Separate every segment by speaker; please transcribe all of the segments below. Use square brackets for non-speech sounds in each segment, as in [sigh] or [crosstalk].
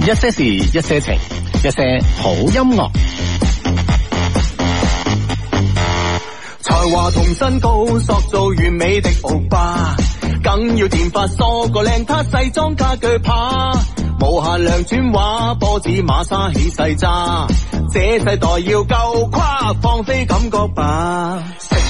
Speaker 1: 一些事，一些情，一些好音樂。
Speaker 2: 才華同身高，塑造完美的澳巴，緊要電發梳個靚，他西裝家具扒。無限量轉畫波子馬沙起細扎，這世代要夠誇，放飛感覺吧。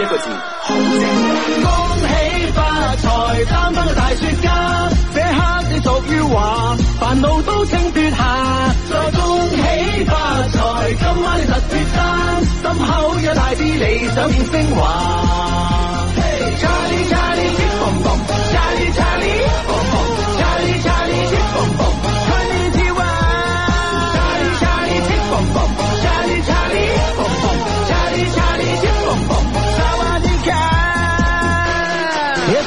Speaker 2: 一個字，好。恭喜發財，擔當個大雪家，這刻你屬於話，煩惱都清脫下。再恭喜發財，今晚你就脫單，心口有大啲理想變升華。Hey，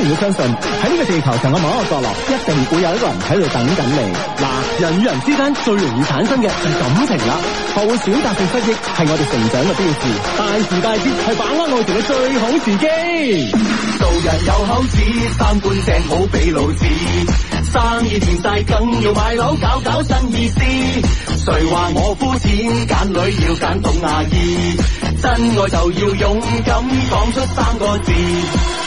Speaker 2: 要相信喺呢個地球上嘅某一個角落，一定會有一個人喺度等緊你。嗱，人與人之間最容易產生嘅係感情啦。學會選擇性失憶係我哋成長嘅標誌。大時大節係把握愛情嘅最好時機。做人有口齒，三半正好比老子。生意墊晒，更要買樓搞搞新意思。誰話我膚淺？揀女要揀懂牙醫。真愛就要勇敢講出三個字。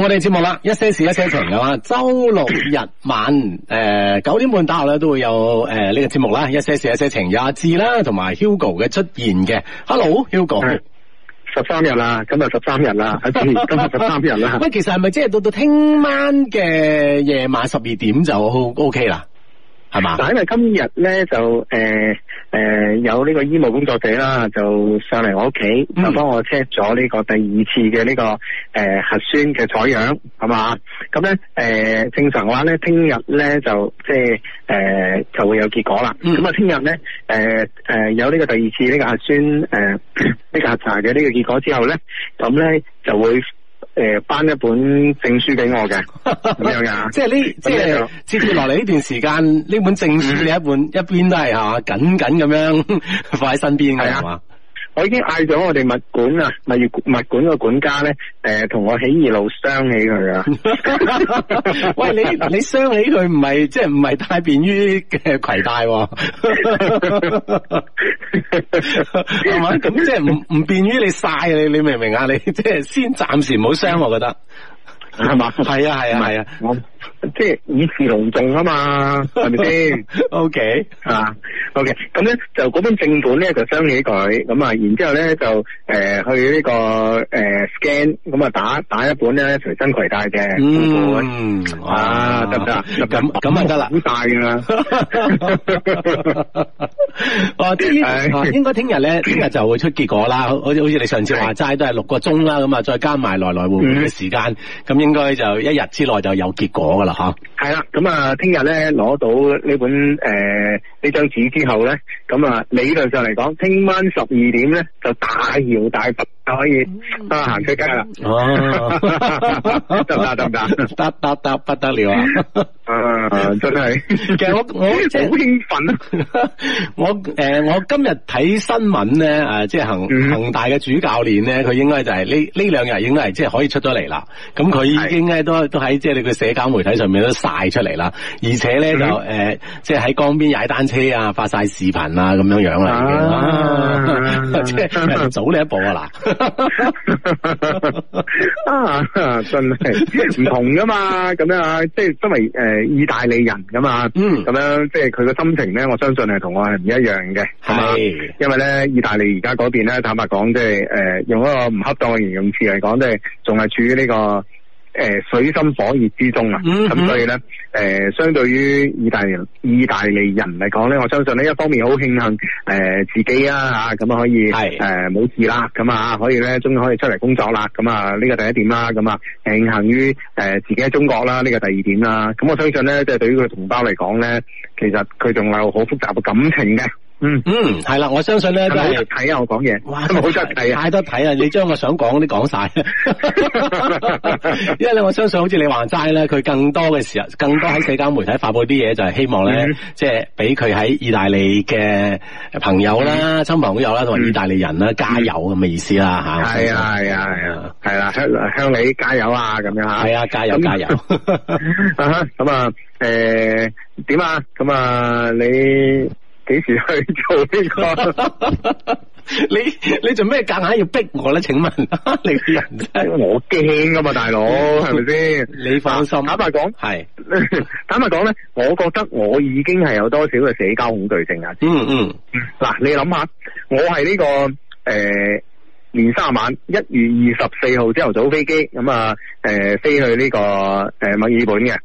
Speaker 1: 我哋節目啦，一些事一些情，咁啊，周六日晚誒、呃、九點半打後咧都會有誒呢、呃這個節目啦，一些事一些情，有阿志啦同埋 Hugo 嘅出現嘅。Hello，Hugo，十三日啦，今日十三日、 [laughs] 嗯、日啦，阿志今日十三日啦。喂，其實係咪即係到到聽晚嘅夜晚十二點就 OK 啦，係嘛？嗱，因為今日咧就誒。呃誒、呃，有呢個醫務
Speaker 3: 工作者啦，就上嚟我屋企，就幫我 check 咗呢個第二次嘅呢、呢個誒、呃、核酸嘅採樣，係嘛？咁咧，誒、呃、正常嘅話咧，聽日咧就即係誒就會有結果啦。咁、嗯、啊，聽日咧，誒、呃、誒有呢個第二次呢個核酸誒呢個核查嘅呢個結果之後咧，咁咧就會。誒、呃，頒一本證書俾我嘅，咁 [laughs] 樣
Speaker 4: 噶，即係呢， [laughs] 即係
Speaker 1: 接住落嚟呢段時間呢 [laughs] 本證書呢一本一邊都係吓緊緊咁樣放喺身邊嘅係嘛？ [laughs] 是嗎 [laughs] 我已經
Speaker 3: 嗌咗我哋物管啊，物業物管個管家咧，誒，
Speaker 1: 同我起二路傷起佢啊！喂，你你傷起佢唔係，即係唔係太便於嘅攜帶，係 [laughs] 咪？ [laughs] [laughs] [laughs] 咁即係唔唔便於你晒啊，你你明唔明啊？你即係先暫時唔好傷，我覺得。係、啊啊啊啊，嘛？係 [laughs] 啊，係啊，係啊！我即係以示隆重啊
Speaker 3: 嘛，係咪先？OK 啊，OK。咁咧就嗰本正本咧就相起佢，咁啊，然之後咧就誒、呃、去呢、這個誒 scan，咁啊打打一本咧隨身
Speaker 1: 攜帶嘅。嗯啊得唔得咁咁啊得啦，好，嗯嗯、大噶，啊，啦。嗯嗯、 [laughs] 哦，聽、哎啊，應該聽日咧，聽日就會出結果啦。好似好似你上次話齋都係六個鐘啦，咁啊再加埋來來回回嘅時間，咁、嗯應該就一日之內就有結果噶啦，吓。
Speaker 3: 係啦，咁啊，聽日咧攞到呢本誒呢張紙之後咧，咁啊理論上嚟講，聽晚十二點咧就大搖大擺可以行出
Speaker 4: 街啦！哦，得得
Speaker 1: 得得，得得得不得了啊！啊，真係，其實我我好興奮，我誒，我今日睇新聞咧啊，即係恒恒大嘅主教練咧，佢應該就係呢呢兩日應該係即係可以出咗嚟啦。咁佢已經咧都都喺即係你嘅社交媒體上面都。帶出嚟啦，而且咧就誒，即係喺江邊踩單車啊，發晒視頻啊，咁樣樣啊，即係早你一步 [laughs] 啊嗱，
Speaker 3: 真係唔同噶、 [laughs] 啊、嘛，咁樣即係身為誒意大利人噶嘛，嗯，咁、啊、樣即係佢個心情咧，我相信係同我係唔一樣嘅，係、啊，因為咧意大利而家嗰邊咧，坦白講，即係誒用一個唔恰當嘅形容詞嚟講，即係仲係處於呢、這個。誒，水深火熱之中啊，咁、嗯、所以咧，誒，相對於意大意大利人嚟講咧，我相信呢一方面好慶幸，誒，自己啊嚇，咁啊可以，係，誒，冇事啦，咁啊，可以咧，終於可以出嚟工作啦，咁啊，呢個第一點啦，咁啊，慶幸於，誒，自己喺中國啦，呢個第二點啦，咁我相信咧，即係對於佢同胞嚟講咧，其實佢仲有好複雜嘅感情嘅。
Speaker 1: 嗯嗯，係、嗯、啦，我相信咧就睇、是、下我講嘢，哇，好得睇，太多睇啊！你將我想講啲講晒， [laughs] [laughs] 因為咧我相信，好似你話齋咧，佢更多嘅時候，更多喺社交媒體發布啲嘢，就係希望咧、嗯，即係俾佢喺意大利嘅朋友啦、親、嗯、朋好友啦，同埋意大利人啦，加油咁嘅、嗯這個、意思啦，吓、嗯，係啊，係啊，係啊，係啦、啊，
Speaker 4: 向、啊啊、向你加油啊，咁樣吓，係啊，加油加油，
Speaker 1: 咁 [laughs] 啊，誒，點、呃、啊，咁啊，你。幾時去做呢、這個？ [laughs] 你 [laughs] 你做咩夾硬要逼我咧？請問 [laughs] 你人真我驚噶嘛，大佬係咪先？你放心。坦白講，係坦白講咧，我
Speaker 3: 覺得我已經係有多少嘅社交恐懼症啊！嗯嗯。嗱，你諗下，我係呢、這個誒、呃、年卅晚一月二十四號朝頭早飛機，咁啊誒飛去呢、這個誒墨爾本嘅，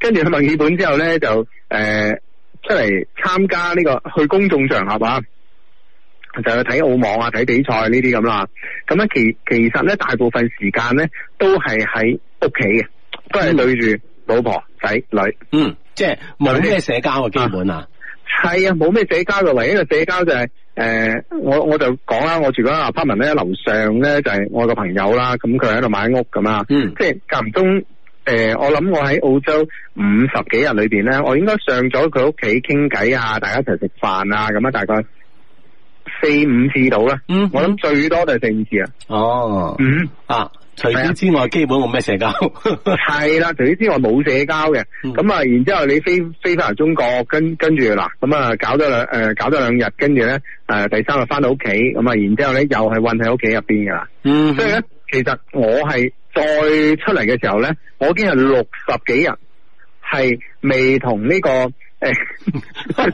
Speaker 3: 跟住去墨爾本之後咧就誒。呃出嚟參加呢、這個去公眾場合啊，就去睇澳網啊、睇比賽呢啲咁啦。咁咧其其實咧大部分時間咧都係喺屋企嘅，都係對住老婆仔、嗯、女。嗯，即係冇咩社交嘅基本啊。係啊，冇咩、啊、社交嘅，唯一嘅社交就係、是、誒、呃，我我就講啦，我住個阿潘文咧，樓上咧就係我個朋友啦，咁佢喺度買屋咁啊。嗯，即係間唔中。誒、呃，我諗我喺澳洲五十幾日裏邊咧，我應該上咗佢屋企傾偈啊，大家一齊食飯啊，咁樣，大概四五次到啦。嗯，我諗最多就四五次啊。哦。嗯。
Speaker 4: 啊，除此
Speaker 1: 之外，啊、基本冇咩社交。係 [laughs] 啦、啊，除此之外冇社交嘅。咁、嗯、啊，然之後你飛
Speaker 3: 飛翻嚟中國，跟跟住啦，咁啊搞咗兩誒，搞咗兩日，跟住咧誒，第三日翻到屋企，咁啊，然之後咧又係韫喺屋企入邊噶啦。嗯。所以咧，其實我係。再出嚟嘅時候咧，我已見已經係六十幾日係未同呢、這個誒、哎，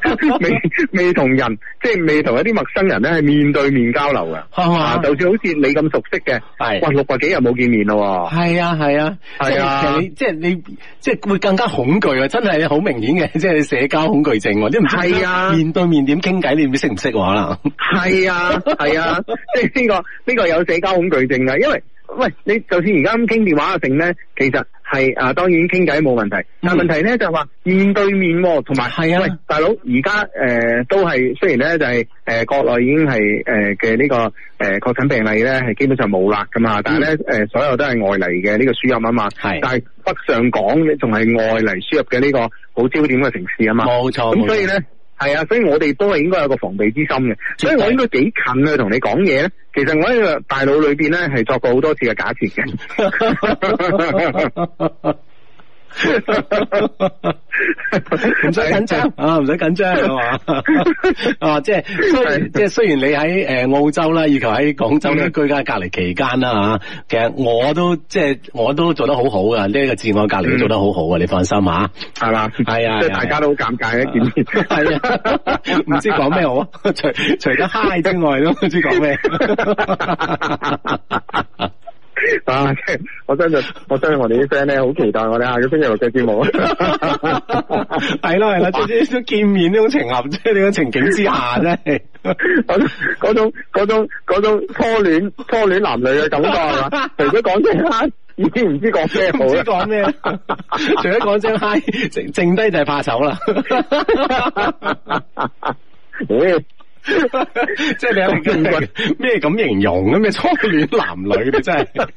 Speaker 3: [laughs] 未未同人，即係未同一啲陌生人咧係面對面交流嘅、 [laughs] 啊，就算好似你咁熟悉嘅，係、啊，哇，六百幾日冇見面咯，
Speaker 1: 係啊，係啊，係啊，即係你，即、就、係、是就是就是、會更加恐懼啊！真係好明顯嘅，即、就、係、是、社交恐懼症，啲唔係啊？面對面點傾偈，你唔識唔識話啦？
Speaker 3: 係啊，係 [laughs] 啊，即係呢個呢、這個有社交恐懼症啊，因為。喂，你就算而家咁傾電話嘅剩咧，其實係啊，當然傾偈冇問題。嗯、但係問題咧就係話面對面，同埋係啊，喂大佬而家誒都係雖然咧就係、是、誒、呃、國內已經係誒嘅呢個誒確診病例咧係基本上冇啦㗎嘛，但係咧誒所有都係外嚟嘅呢個輸入啊嘛。係，但係北上港仲係外嚟輸入嘅呢個好焦點嘅城市啊嘛。冇錯，咁所以咧。係啊，所以我哋都係應該有個防備之心嘅，所以我應該幾近去同你講嘢咧。其實我喺個大腦裏邊咧，係作過好多次嘅假設嘅。 [laughs]
Speaker 4: [laughs]
Speaker 1: 唔使緊張啊！唔使緊張係嘛啊！即係，即係、 [laughs] 啊就是啊、雖然你喺誒澳洲啦，以及喺廣州咧居家隔離期間啦吓，其實我都即係我都做得好好噶，呢、呢個自我隔離都做得好好啊！你放心吓，係嘛？係啊，大家都好
Speaker 4: 尷尬嘅一件事，係啊，唔、啊啊啊啊啊啊啊、知講咩好，除 [laughs] 除咗嗨之外都唔知講咩。 [laughs] [laughs] 啊！
Speaker 3: 我相信我真係我哋啲 friend 咧，好期待我哋下個星期六嘅節目。
Speaker 1: 係咯，係咯，總之都見面呢種情況，即係呢種情景之下咧，嗰嗰 [laughs] 種嗰種嗰種初戀初戀男女嘅感覺係嘛？ [laughs] 除咗講聲嗨，已經唔知講咩好，唔知講咩，除咗講聲嗨，剩剩低就係怕醜啦。 [laughs] [laughs] 嗯
Speaker 4: [laughs] [laughs]
Speaker 1: 即係你有唔見過咩咁形容啊？咩初戀男女真係、 [laughs]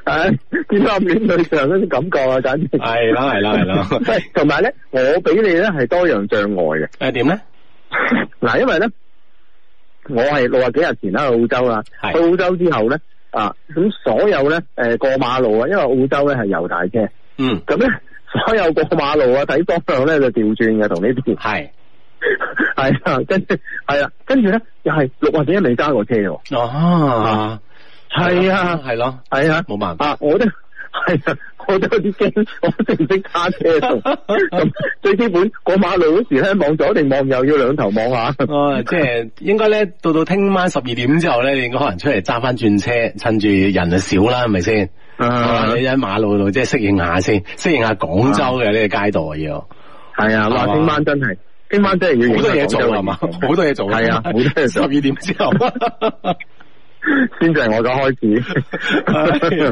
Speaker 1: [laughs] 哎，誒、哎，戀男面對上啲感覺啊，
Speaker 3: 簡直係啦，係啦，係啦，同埋咧，我俾你咧係多樣障礙嘅，
Speaker 4: 係
Speaker 1: 點咧？
Speaker 3: 嗱，因為咧，我係六廿幾日前去澳洲啦，去澳洲之後咧，啊，咁所有咧，誒，過馬路啊，因為澳洲咧係右軚車，嗯，咁咧。所有過馬路 [laughs] 啊，睇方向咧就調轉嘅，同呢邊係係，跟住係
Speaker 1: 啊，跟住咧又係六或者一未揸過車㗎喎。啊，係啊，係咯，係啊，冇辦法。我都係啊，我都有
Speaker 3: 啲驚，我都唔識揸車。咁最基本過馬路嗰時咧，望左定望右要
Speaker 1: 兩頭望下。即係應該咧，到到聽晚十二點之後咧，你應該可能出嚟揸翻轉車，趁住人就少啦，係咪先？啊、你喺馬路度，即係適應下先，適應下廣州嘅呢個街道要。係啊，話、啊、聽晚真係，聽晚真係要好多嘢做啊嘛，好多嘢做，係 [laughs] [laughs] 事 [laughs] 啊，好多嘢做，十 [laughs] 二點之後。 [laughs] [laughs] 先
Speaker 3: 至係我嘅開始，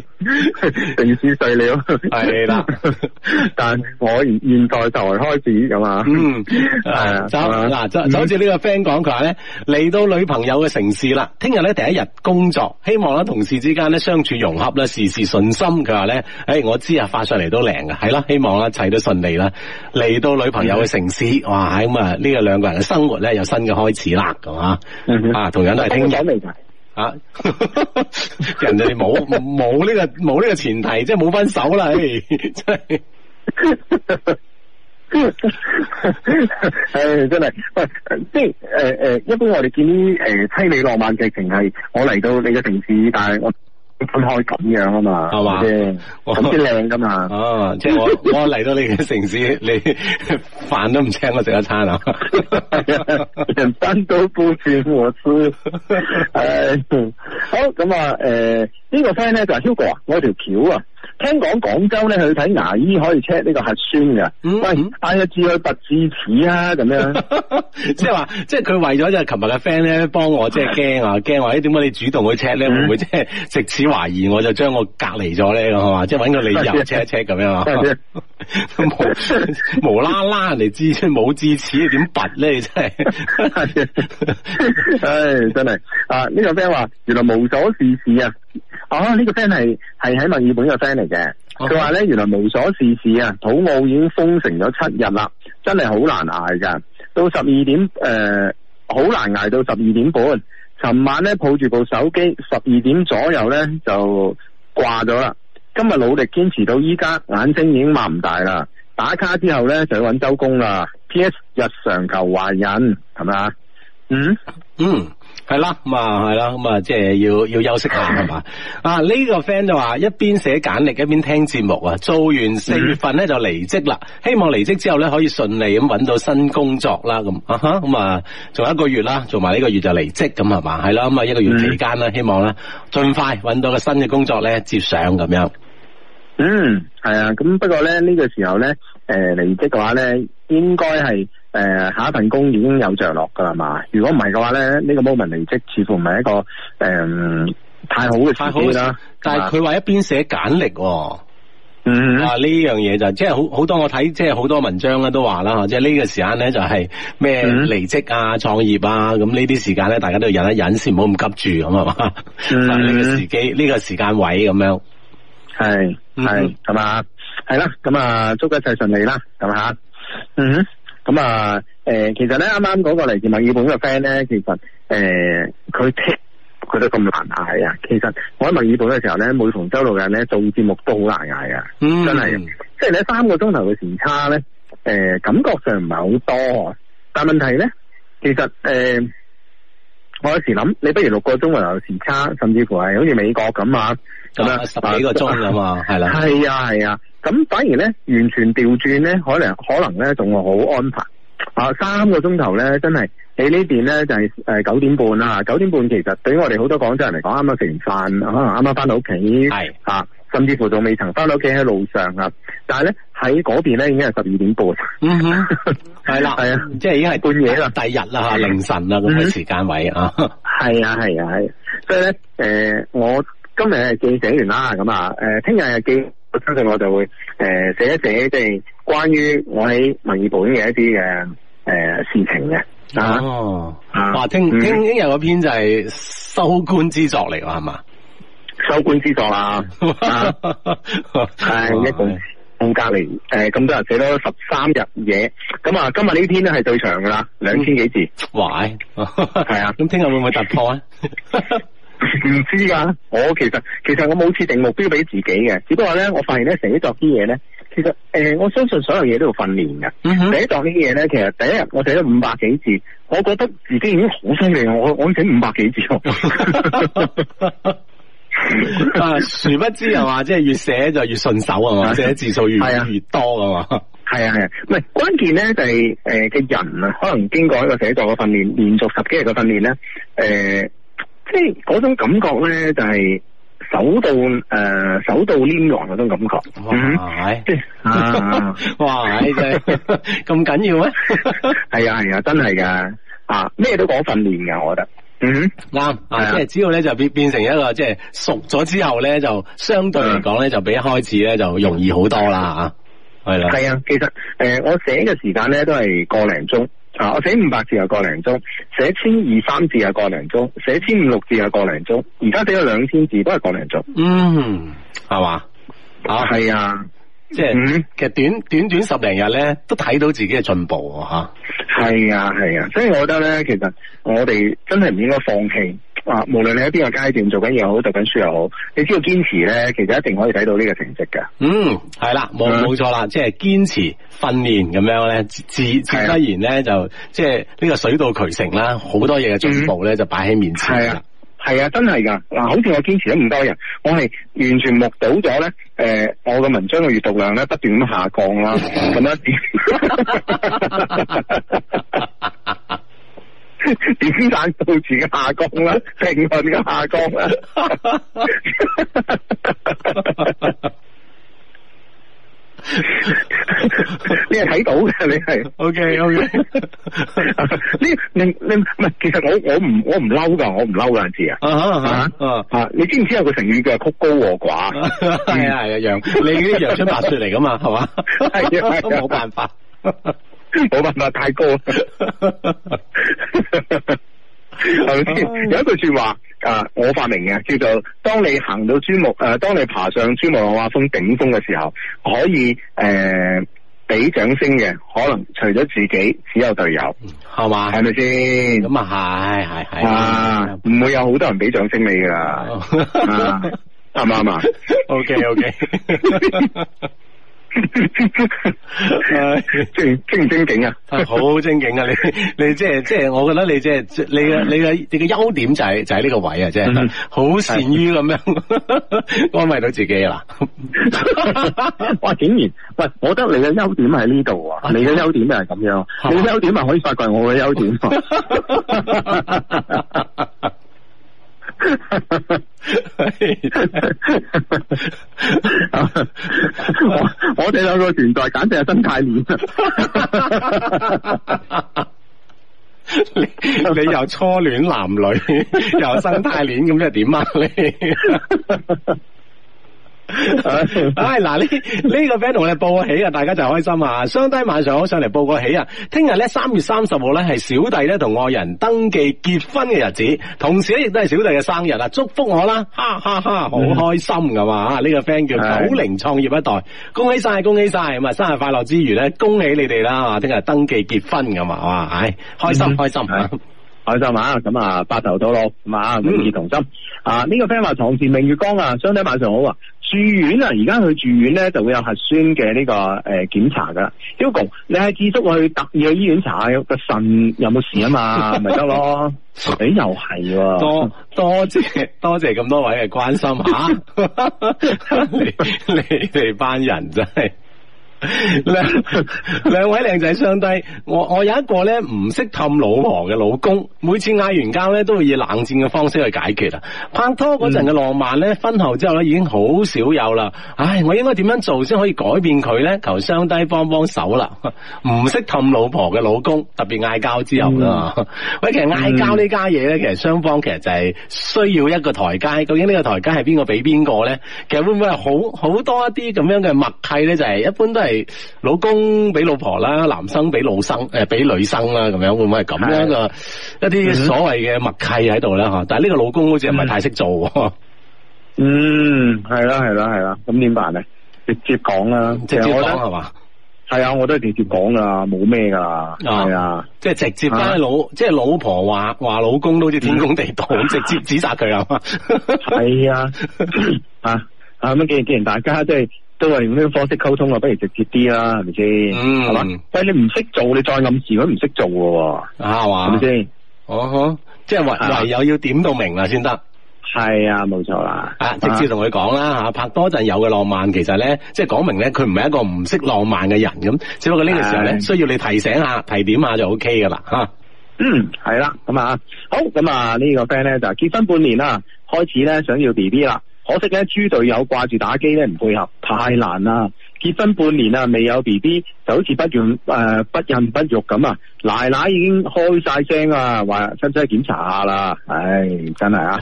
Speaker 3: [laughs] [laughs] 城市碎了？
Speaker 2: 係啦，
Speaker 1: [laughs] 但我現現在才開始咁啊。嗯，係嗱，就就好似呢個 friend 講佢話咧，嚟到女朋友嘅城市啦，聽日咧第一日工作，希望咧同事之間咧相處融合咧事事順心。佢話咧，誒、哎，我知啊，發上嚟都靚嘅，係啦，希望咧一切都順利啦。嚟到女朋友嘅城市，哇，咁啊，呢個兩個人嘅生活咧有新嘅開始啦，咁啊，啊，同樣都係聽日。啊、 [laughs] 人哋冇冇呢個冇呢個前提，即係冇分手啦 [laughs] 真是、 [laughs] [laughs] [laughs] 哎，真係。誒，真係，
Speaker 3: 即係誒誒，一般我哋見啲誒淒美浪漫劇情係，我嚟到你嘅城
Speaker 1: 市，但係我。咁可以咁樣啊嘛，係嘛，咁啲靚噶嘛，哦，即係我我嚟到你嘅城市， [laughs] 你飯都唔請我食一餐啊？
Speaker 4: [laughs] 人單都不如我輸、 [laughs] 嗯，好，
Speaker 3: 咁啊，誒、呃，呢、這個 friend 咧就係超過啊。我條橋啊。聽講廣州咧，去睇牙醫可以 check 呢個核酸嘅。喂，帶個智齒去拔智齒啊，咁樣，
Speaker 1: 即係話，即係佢為咗，即係琴日嘅 friend 咧，幫我，即係驚啊，驚話，誒，點解你主動去 check 咧，會唔會即係直屎懷疑，我就將我隔離咗咧，係嘛，即係揾個理由 check 一 check 咁樣啊， [laughs] 查查查查 [laughs] 樣無無啦啦嚟智齒，冇智齒點拔咧、 [laughs] 哎，真係，唉，真係，啊，呢、這個 friend 話，原來無所
Speaker 3: 事事啊。哦，這個 okay. 呢個 friend 係係喺墨爾本個 friend 嚟嘅，佢話咧原來無所事事啊，土澳已經封城咗七日啦，真係好難挨噶。到十二點誒，好、呃、難挨到十二點半。尋晚咧抱住部手機，十二點左右咧就掛咗啦。今日努力堅持到依家，眼睛已經擘唔大啦。打卡之後咧就要搵周公啦。P.S. 日常求懷孕
Speaker 1: 係咪啊？嗯嗯。係啦，咁啊係啦，咁啊即係要要休息下係嘛。啊呢、啊這個 friend 就話一邊寫簡歷一邊聽節目啊，做完四月份咧就離職啦。希望離職之後咧可以順利咁搵到新工作啦。咁啊咁啊仲有一個月啦，做埋呢個月就離職咁係嘛，係啦，咁啊一個月期間啦，希望咧盡快搵到個新嘅工作咧接上咁樣。嗯，係啊，咁不過咧呢個時候咧，誒離職嘅話咧，應該係。誒，下一份工已經
Speaker 3: 有着落噶喇嘛？如果唔係嘅話咧，呢、這個 moment 離職似乎唔係一個誒、呃、
Speaker 1: 太好嘅時機啦。但係佢話一邊寫簡歷、嗯，啊呢樣嘢就即、是、係、就是、好好多我。我睇即係好多文章咧都話啦，即係呢個時間咧就係咩離職啊、創、嗯、業啊，咁呢啲時間咧，大家都要忍一忍先，唔好咁急住咁係嘛。呢、嗯 [laughs] 這個時機，呢個時間位咁樣係係係嘛係啦。
Speaker 3: 咁啊，祝一世順利啦，咁嘛？嗯。嗯。咁啊，誒，其實咧，啱啱嗰個嚟自墨爾本嘅 friend 咧，其實，誒、嗯，佢佢都咁難挨啊。其實我喺墨爾本嘅時候咧，每逢周六日咧做節目都好難挨啊、嗯。真係，即係咧三個鐘頭嘅時差咧，誒、嗯，感覺上唔係好多，但係問題咧，其實，誒、嗯，我有時諗，你不如六個鐘頭有時差，甚至乎係好似美國咁啊。咁啊十幾個鐘㗎嘛，係啦，係啊係啊，咁、啊、反而咧完全調轉咧，可能可能咧仲好安排啊，三個鐘頭咧真係喺呢邊咧就係誒九點半啦，九點半其實對於我哋好多廣州人嚟講，啱啱食完飯，可能啱啱翻到屋企，係啊，甚至乎仲未曾翻到屋企喺路上啊，但係咧喺嗰邊咧已經係十二點半，嗯
Speaker 4: 哼，係
Speaker 1: 啦，係啊， [laughs] 即係已經係半夜啦，第二日啦，凌晨啦咁嘅時間位啊，係、嗯、啊係啊係、啊啊，所以咧誒、呃、
Speaker 3: 我。今日係記寫完啦，咁啊，誒，聽日係記，我相信我就會誒寫一寫，即係關於我喺文藝部嘅一啲嘅誒事情嘅。
Speaker 1: 哦，哇、啊，聽聽聽日嗰篇就係收官之作嚟噶係嘛？嗯、收官之作啦，係一共五
Speaker 3: 隔嚟，誒，咁多人寫咗十三日嘢，咁啊，這日日今日呢篇咧係最長噶啦，兩千幾字。
Speaker 1: 喂，係啊，咁聽日會唔會突破啊？ [laughs] 唔知噶，我其實其實
Speaker 3: 我冇設定目標
Speaker 1: 俾自己嘅，只不過咧，我發現咧，寫作啲嘢咧，
Speaker 3: 其實誒，我相信所有嘢都要訓練嘅。寫、嗯、作啲嘢咧，其實第一日我寫咗五百幾字，我覺得自己已經好犀利，我我整五百幾字，
Speaker 1: [laughs] [laughs] 啊，殊不知又話即係越寫就越順手 [laughs] 寫字數越啊嘛，寫字數越越多啊嘛，
Speaker 3: 係啊係啊，唔係、啊、關鍵咧，就係誒嘅人啊，可能經過一個寫作嘅訓練，連續十幾日嘅訓練咧，誒、呃。即係嗰種感覺咧，就係、是、
Speaker 1: 手到誒、呃、手到拈來嗰種感覺，係哇，咁、嗯、緊 [laughs] 要咩？係 [laughs] 啊係啊，真係噶啊，咩都講訓練噶，我覺得，嗯啱啊，啊，即係只要咧就變變成一個、嗯、即係熟咗之後咧，就相對嚟講咧就比一開始咧就容易好多啦、
Speaker 3: 嗯、啊，係啦，係啊，其實誒、呃、我寫嘅時間咧都係個零鐘。啊！我寫五百字又個零鐘，寫千二三字又個零鐘，寫千五六字又個零鐘，而家寫咗兩
Speaker 1: 千字都係個零鐘。嗯，
Speaker 4: 係嘛？啊，係啊，
Speaker 1: 即、就、係、係嗯、其實短短短十零日咧，都睇到自己嘅進步吓。係啊，係啊，啊，啊，
Speaker 3: 所以我覺得咧，其實我哋真係唔應該放棄。啊！無論你喺邊個階段做緊嘢，又好讀緊書又好，你只要堅持咧，其實一定可以睇到呢個成績嘅。嗯，
Speaker 1: 係啦，冇冇錯啦，即係堅持訓練咁樣咧，自自然然咧就即係呢個水到渠成啦，嗯。好多嘢嘅進步咧就擺喺面前啦。
Speaker 3: 係啊，係啊，真係噶！嗱，好似我堅持咗咁多人，我係完全目睹咗咧。誒，我嘅文章嘅閱讀量咧不斷咁下降啦，咁 [laughs] 這樣。 [laughs] [laughs]
Speaker 4: 點 [laughs] 讚數字下降啦，評論嘅下降啦。你係睇到嘅，你係 OK OK。呢， [laughs]
Speaker 3: 你你唔係，其實我我唔我唔嬲噶，我唔嬲嗰陣時啊。啊、
Speaker 4: uh-huh, uh-huh. uh-huh. uh-huh. [laughs]
Speaker 3: 你知唔知有個成語叫曲高和寡？係啊係啊，楊你啲陽春白雪嚟噶嘛？係嘛？係啊啊，冇 [laughs] 辦法。 [laughs] 冇辦法太高，係咪先？有一句說話啊，我發明嘅叫做：當你行到珠穆誒，當你爬上珠穆朗瑪峰頂峰嘅時候，可以誒俾、呃、掌聲嘅，可能除咗自己，只有隊友，係嘛？係咪先？咁啊係係係啊，唔會有好多人俾掌聲你噶，
Speaker 1: 啱唔啱啊？OK OK。誒，正係正唔精警啊？好精警啊！你你即係即係，就是、我覺得你即、就、係、是、你嘅你嘅你嘅優點就係、是、就係、是、呢個位啊！即係好善於咁樣、嗯、 [laughs] 安慰到自己啊。 [laughs] 哇！竟然
Speaker 3: 喂，我覺得你嘅優點喺呢度啊！你嘅優點就係咁樣，啊、你嘅優點啊可以發掘我嘅優點。啊 [laughs] [laughs]
Speaker 4: [laughs] [laughs] 我哋兩
Speaker 1: 個團隊簡直係生態鏈。你你又初戀男女，又生態鏈，咁即係點啊？你？哎嗱，呢呢個 friend 同我報個喜啊，大家就開心啊！雙低晚上好上嚟報個喜啊！聽日呢，三月三十號呢，係小弟呢同愛人登記結婚嘅日子，同時呢，亦都係小弟嘅生日啊！祝福我啦，哈哈哈，好開心㗎嘛！啊，呢、這個 friend 叫九零創業一代，恭喜晒，恭喜晒！咁啊，生日快樂之餘呢，恭喜你哋啦！啊，聽日登記結婚㗎嘛，哇，開心開心、啊 [laughs] 開心、啊、就嘛？咁啊，白頭到老，咁啊，五二同心。嗯、啊，呢、這個 friend 話，
Speaker 3: 床前明月光啊，相睇晚上好啊。住院啊，而家佢住院咧，就會有核酸嘅呢、這個誒檢、呃、查噶。Hugo，你係自足去特意去醫院查下，腎有個腎有冇事啊嘛，咪得咯。 [laughs] 哎，又係喎、啊。多
Speaker 1: 多謝多謝咁多位嘅關心啊
Speaker 4: [laughs] [laughs] ！
Speaker 1: 你你哋班人真係。兩 [laughs] 兩位靚仔，上帝，我我有一個咧唔識氹老婆嘅老公，每次嗌完交咧都會以冷戰嘅方式去解決啊！拍拖嗰陣嘅浪漫咧，婚後之後咧已經好少有啦。唉，我應該點樣做先可以改變佢呢？求上帝幫幫手啦！唔識氹老婆嘅老公，特別嗌交之後啦。喂、嗯， [laughs] 其實嗌交呢家嘢呢，其實雙方其實就係需要一個台階。究竟呢個台階係邊個俾邊個呢？其實會唔會好好多一啲咁樣嘅默契呢？就係一般都係。係老公俾老婆啦，男生俾老生誒，俾、呃、女生啦，咁樣會唔會係咁樣一一啲所謂嘅默契喺度咧？吓、嗯，但係呢個老公好似唔係太識做。嗯，
Speaker 3: 係啦，係啦，係啦，咁點辦咧？直接講啦，直接
Speaker 1: 講係嘛？係啊，我都係直接講噶，冇咩噶，係啊，即係直接翻老，即係老婆話話老公都好似天公地道，嗯、直接指責佢啊，係 [laughs] 啊是的，
Speaker 3: 吓咁既然既然大家即係。都係用呢個方式溝通啊，不如直接
Speaker 1: 啲啦，係咪先？嗯，係嘛？但係，你唔識做，你再暗示佢唔識做嘅喎，係嘛？係咪先？哦，即係唯唯有要點到明啦先得。係啊，冇錯啦。啊，直接同佢講啦吓，拍多陣有嘅浪漫，其實咧，即係講明咧，佢唔係一個唔識浪漫嘅人咁，只不過呢個時候咧、啊，需要你提醒下、提點下就 OK 噶啦吓。嗯，
Speaker 3: 係啦、啊，咁啊，好，咁啊，呢個 friend 咧就結婚半年啦，開始咧想要 B B 啦。可惜咧，豬隊友掛住打機咧唔配合，太難啦！結婚半年啊，未有 B B，就好似不孕誒、呃、不孕不育咁啊！奶奶已經開晒
Speaker 1: 聲啊，話親親檢查下啦！唉，真係啊，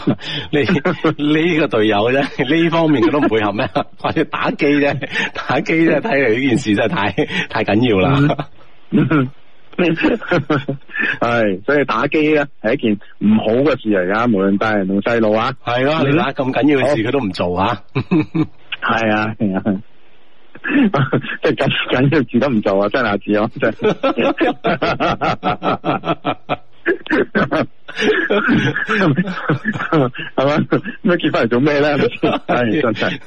Speaker 1: 你呢個隊友啫，呢 [laughs] 方面佢都唔配合咩？或 [laughs] 者打機啫，打機啫，睇嚟呢件事真係太太緊要啦。 [laughs] 係
Speaker 3: [laughs] 所以打機咧，係一件唔好嘅事嚟㗎！無論大人同細路啊，係咯，你諗咁緊要嘅事佢都唔
Speaker 4: 做啊！係啊係啊，即係
Speaker 3: 咁緊要，事都唔做啊！真係字啊，真。 [laughs] [laughs]
Speaker 1: 係 [laughs] 嘛？ [laughs] [laughs] [laughs] 咩叫翻嚟做咩咧？翻嚟真真，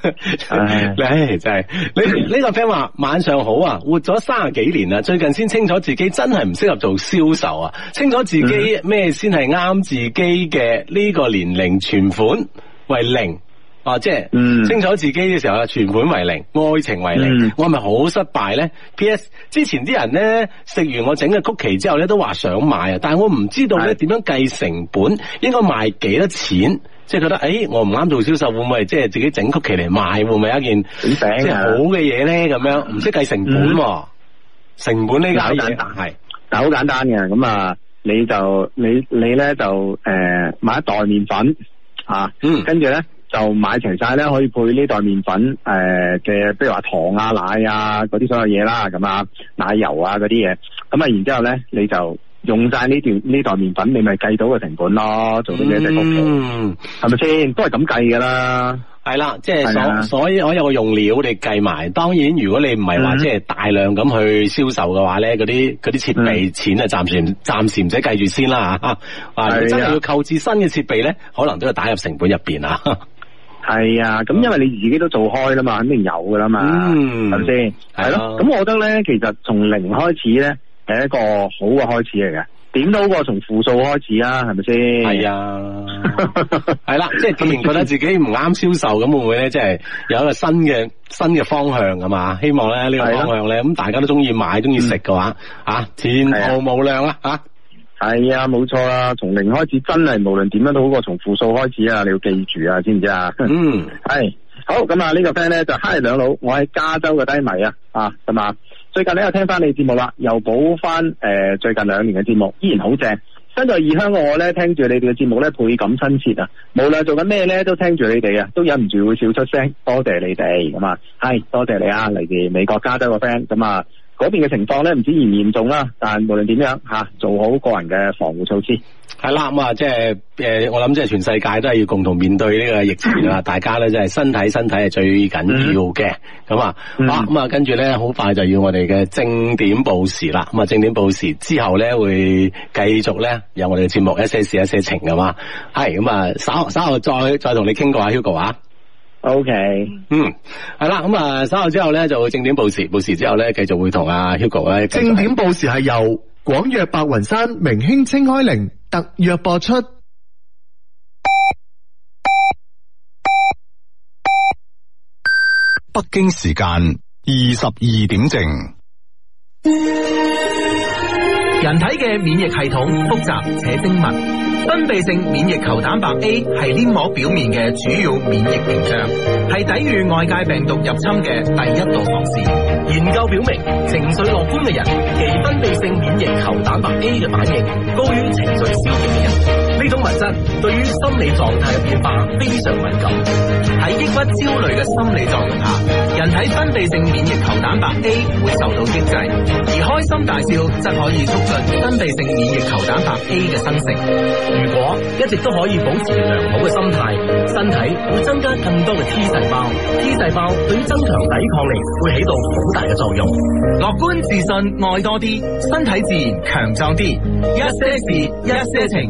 Speaker 1: 唉真係你呢個 friend 話晚上好啊，活咗三十幾年啦，最近先清楚自己真係唔適合做銷售啊，清楚自己咩先係啱自己嘅呢個年齡，存款為零。啊，即係嗯，清楚自己嘅時候啊，存款為零，愛情為零，嗯、我係咪好失敗咧？P.S. 之前啲人咧食完我整嘅曲奇之後咧，都話想買啊，但係我唔知道咧點樣計成本，應該賣幾多錢？即係覺得誒、欸，我唔啱做銷售，會唔會即係自己整曲奇嚟賣，會唔會一件、啊、即係好嘅嘢咧？咁樣唔識計成本，嗯、成本呢個好簡單，係但係好簡單嘅。咁啊，
Speaker 3: 你就你你咧就誒買一袋麵粉啊，嗯，跟住咧。就買齊晒咧，可以配呢袋麵粉，誒嘅，比如話糖啊、奶啊嗰啲所有嘢啦，咁啊，奶油啊嗰啲嘢，咁啊，然之後咧，你就用晒呢
Speaker 1: 呢袋麵粉，你咪計到個成本咯，做啲咩嘅屋企，係咪先？都係咁計噶啦，係啦，即係所所以我有個用料你計埋，當然如果你唔係話即係大量咁去銷售嘅話咧，嗰啲嗰啲設備、嗯、錢啊，暫時暫時唔使計住先啦吓，啊、嗯，真係要購置新嘅設備咧，可能都係打入成本入邊啊。
Speaker 3: 係啊，咁因為你自己都做開啦嘛，肯定有噶啦嘛，係咪先？係咯，咁、啊啊、我覺得咧，其實從零開始咧，係一個好嘅開始嚟嘅，點都好過從
Speaker 1: 負數開始啊，係咪先？係啊，係 [laughs] 啦、啊，即係既然覺得自己唔啱銷售，咁 [laughs] 會唔會咧，即係有一個新嘅新嘅方向㗎嘛？希望咧呢個方向咧，咁、啊、大家都中意買、中意食嘅話，啊，前途無量啦，啊！係、哎、啊，冇錯啦，從零開始真係無論點樣都好過從負數開始啊！你要記住啊，知唔知啊？嗯、
Speaker 3: mm. [laughs] 係好咁啊，呢個 friend 咧就係、hi 兩老，我係加州嘅低迷啊，啊，係嘛、呃？最近咧又聽翻你節目啦，又補翻誒最近兩年嘅節目，依然好正。身在異鄉嘅我咧，聽住你哋嘅節目咧，倍感親切啊！無論做緊咩咧，都聽住你哋啊，都忍唔住會笑出聲。多謝你哋，咁啊，係、啊、多謝你啊，嚟自美國加州嘅 friend，咁啊。嗰邊嘅情況咧唔知嚴唔嚴重啦，但無論點樣吓，做好個人嘅防
Speaker 1: 護措施係啦，咁啊即係誒，我諗即係全世界都係要共同面對呢個疫情啦 [coughs] 大家咧即係身體身體係最緊要嘅，咁、嗯、啊，咁、嗯、啊，跟住咧好快就要我哋嘅正點報時啦，咁啊正點報時之後咧會繼續咧有我哋嘅節目一些事一些情噶嘛，係咁啊稍後稍後再再同你傾過阿 Hugo 啊。O、okay. K，嗯，係啦，咁啊，稍後之後咧就會正點報時，報時之後咧繼續會同阿 Hugo 咧。正
Speaker 3: 點報時係由廣藥白雲山明興清開靈特約播出，
Speaker 1: 北京時間二十二點正。
Speaker 2: 人體嘅免疫系統複雜且精密，分泌性免疫球蛋白 A 係黏膜表面嘅主要免疫屏障，係抵御外界病毒入侵嘅第一道防線。研究表明，情緒樂觀嘅人其分泌性免疫球蛋白 A 嘅反應高於情緒消極嘅人。呢種物質對於心理狀態嘅變化非常敏感。喺抑鬱焦慮嘅心理作用下，人體分泌性免疫球蛋白 A 會受到抑制；而開心大笑則可以促進分泌性免疫球蛋白 A 嘅生成。如果一直都可以保持良好嘅心態，身體會增加更多嘅 T 細胞。T 細胞對於增強抵抗力會起到好大嘅作用。樂觀自信愛多啲，身體自然強壯啲。一些事，一些情。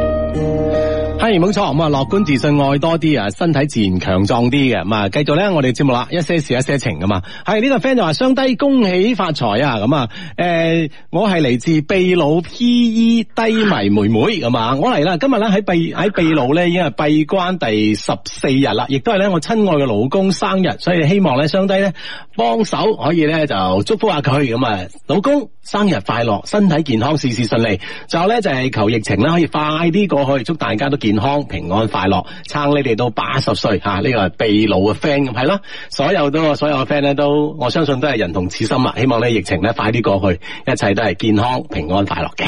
Speaker 1: 係冇錯，咁啊樂觀自信愛多啲啊，身體自然強壯啲嘅。咁啊，繼續咧我哋節目啦，一些事一些情咁嘛。係呢、這個 friend 就話雙低恭喜發財啊。咁啊，誒、欸，我係嚟自秘魯 P.E. 低迷妹妹咁啊。我嚟啦，今日咧喺秘喺秘魯咧已經係閉關第十四日啦，亦都係咧我親愛嘅老公生日，所以希望咧雙低咧幫手可以咧就祝福下、啊、佢。咁啊，老公生日快樂，身體健康，事事順利。仲有咧就係、是、求疫情咧可以快啲過去，祝大家都健。健康平安快樂，撐你哋到八十歲吓，呢個係秘魯嘅 friend 咁係咯，所有都啊，所有嘅 friend 咧都，我相信都係人同此心啊！希望咧疫情咧快啲過去，一切都係健康平安快樂嘅。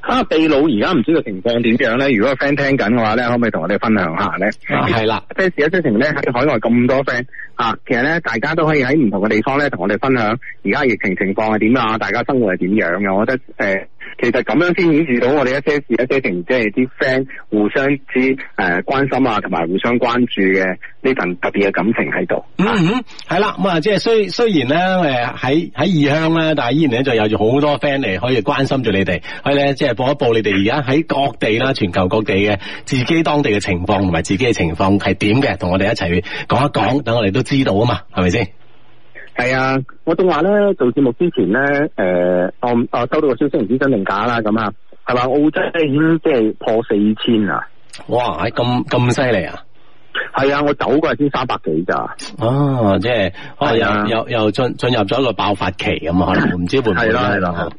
Speaker 3: 啊，秘魯而家唔知道情況點樣咧？如果個 friend 聽緊嘅話咧，可唔可以同我哋分享一下咧？係啦，即係一些事一些情咧，喺海外咁多 friend 啊，其實咧大家都可以喺唔同嘅地方咧同我哋分享而家疫情情況係點啊，大家生活係點樣嘅？我覺得誒。呃其實咁樣先顯示到我哋一些事、一些情，即係啲 friend 互相之誒關心啊，同埋互相關注嘅呢份特別嘅感情喺度。嗯，
Speaker 4: 係、嗯、
Speaker 1: 啦，咁啊，即係雖雖然咧誒喺喺異鄉咧，但係依然咧就有住好多 friend 嚟可以關心住你哋，可以咧即係報一報你哋而家喺各地啦，全球各地嘅自己當地嘅情況同埋自己嘅情況係點嘅，同我哋一齊講一講，等我哋都知道啊嘛，係咪先？
Speaker 3: 係啊，我仲話咧做節目之前咧，誒、呃，我、啊、我、啊、收到個消息唔知真定假啦，咁啊，係話澳洲已經即係破四千啊！
Speaker 4: 哇，
Speaker 1: 咁咁犀利啊！係啊，我走過先三百幾咋。哦、啊，即係係啊，啊，又又進進入咗個爆發期咁啊，唔 [laughs] 知會唔會係啦，係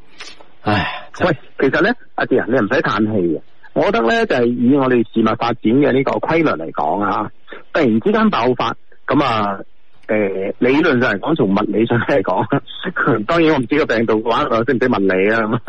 Speaker 1: 唉、
Speaker 3: 哎，喂，其實咧，阿杰人，你唔使嘆氣嘅，我覺得咧就係、是、以我哋事物發展嘅呢個規律嚟講啊，突然之間爆發咁啊。誒，理論上嚟講，從物理上嚟講，當然我唔知個病毒嘅話，識唔識問你啊。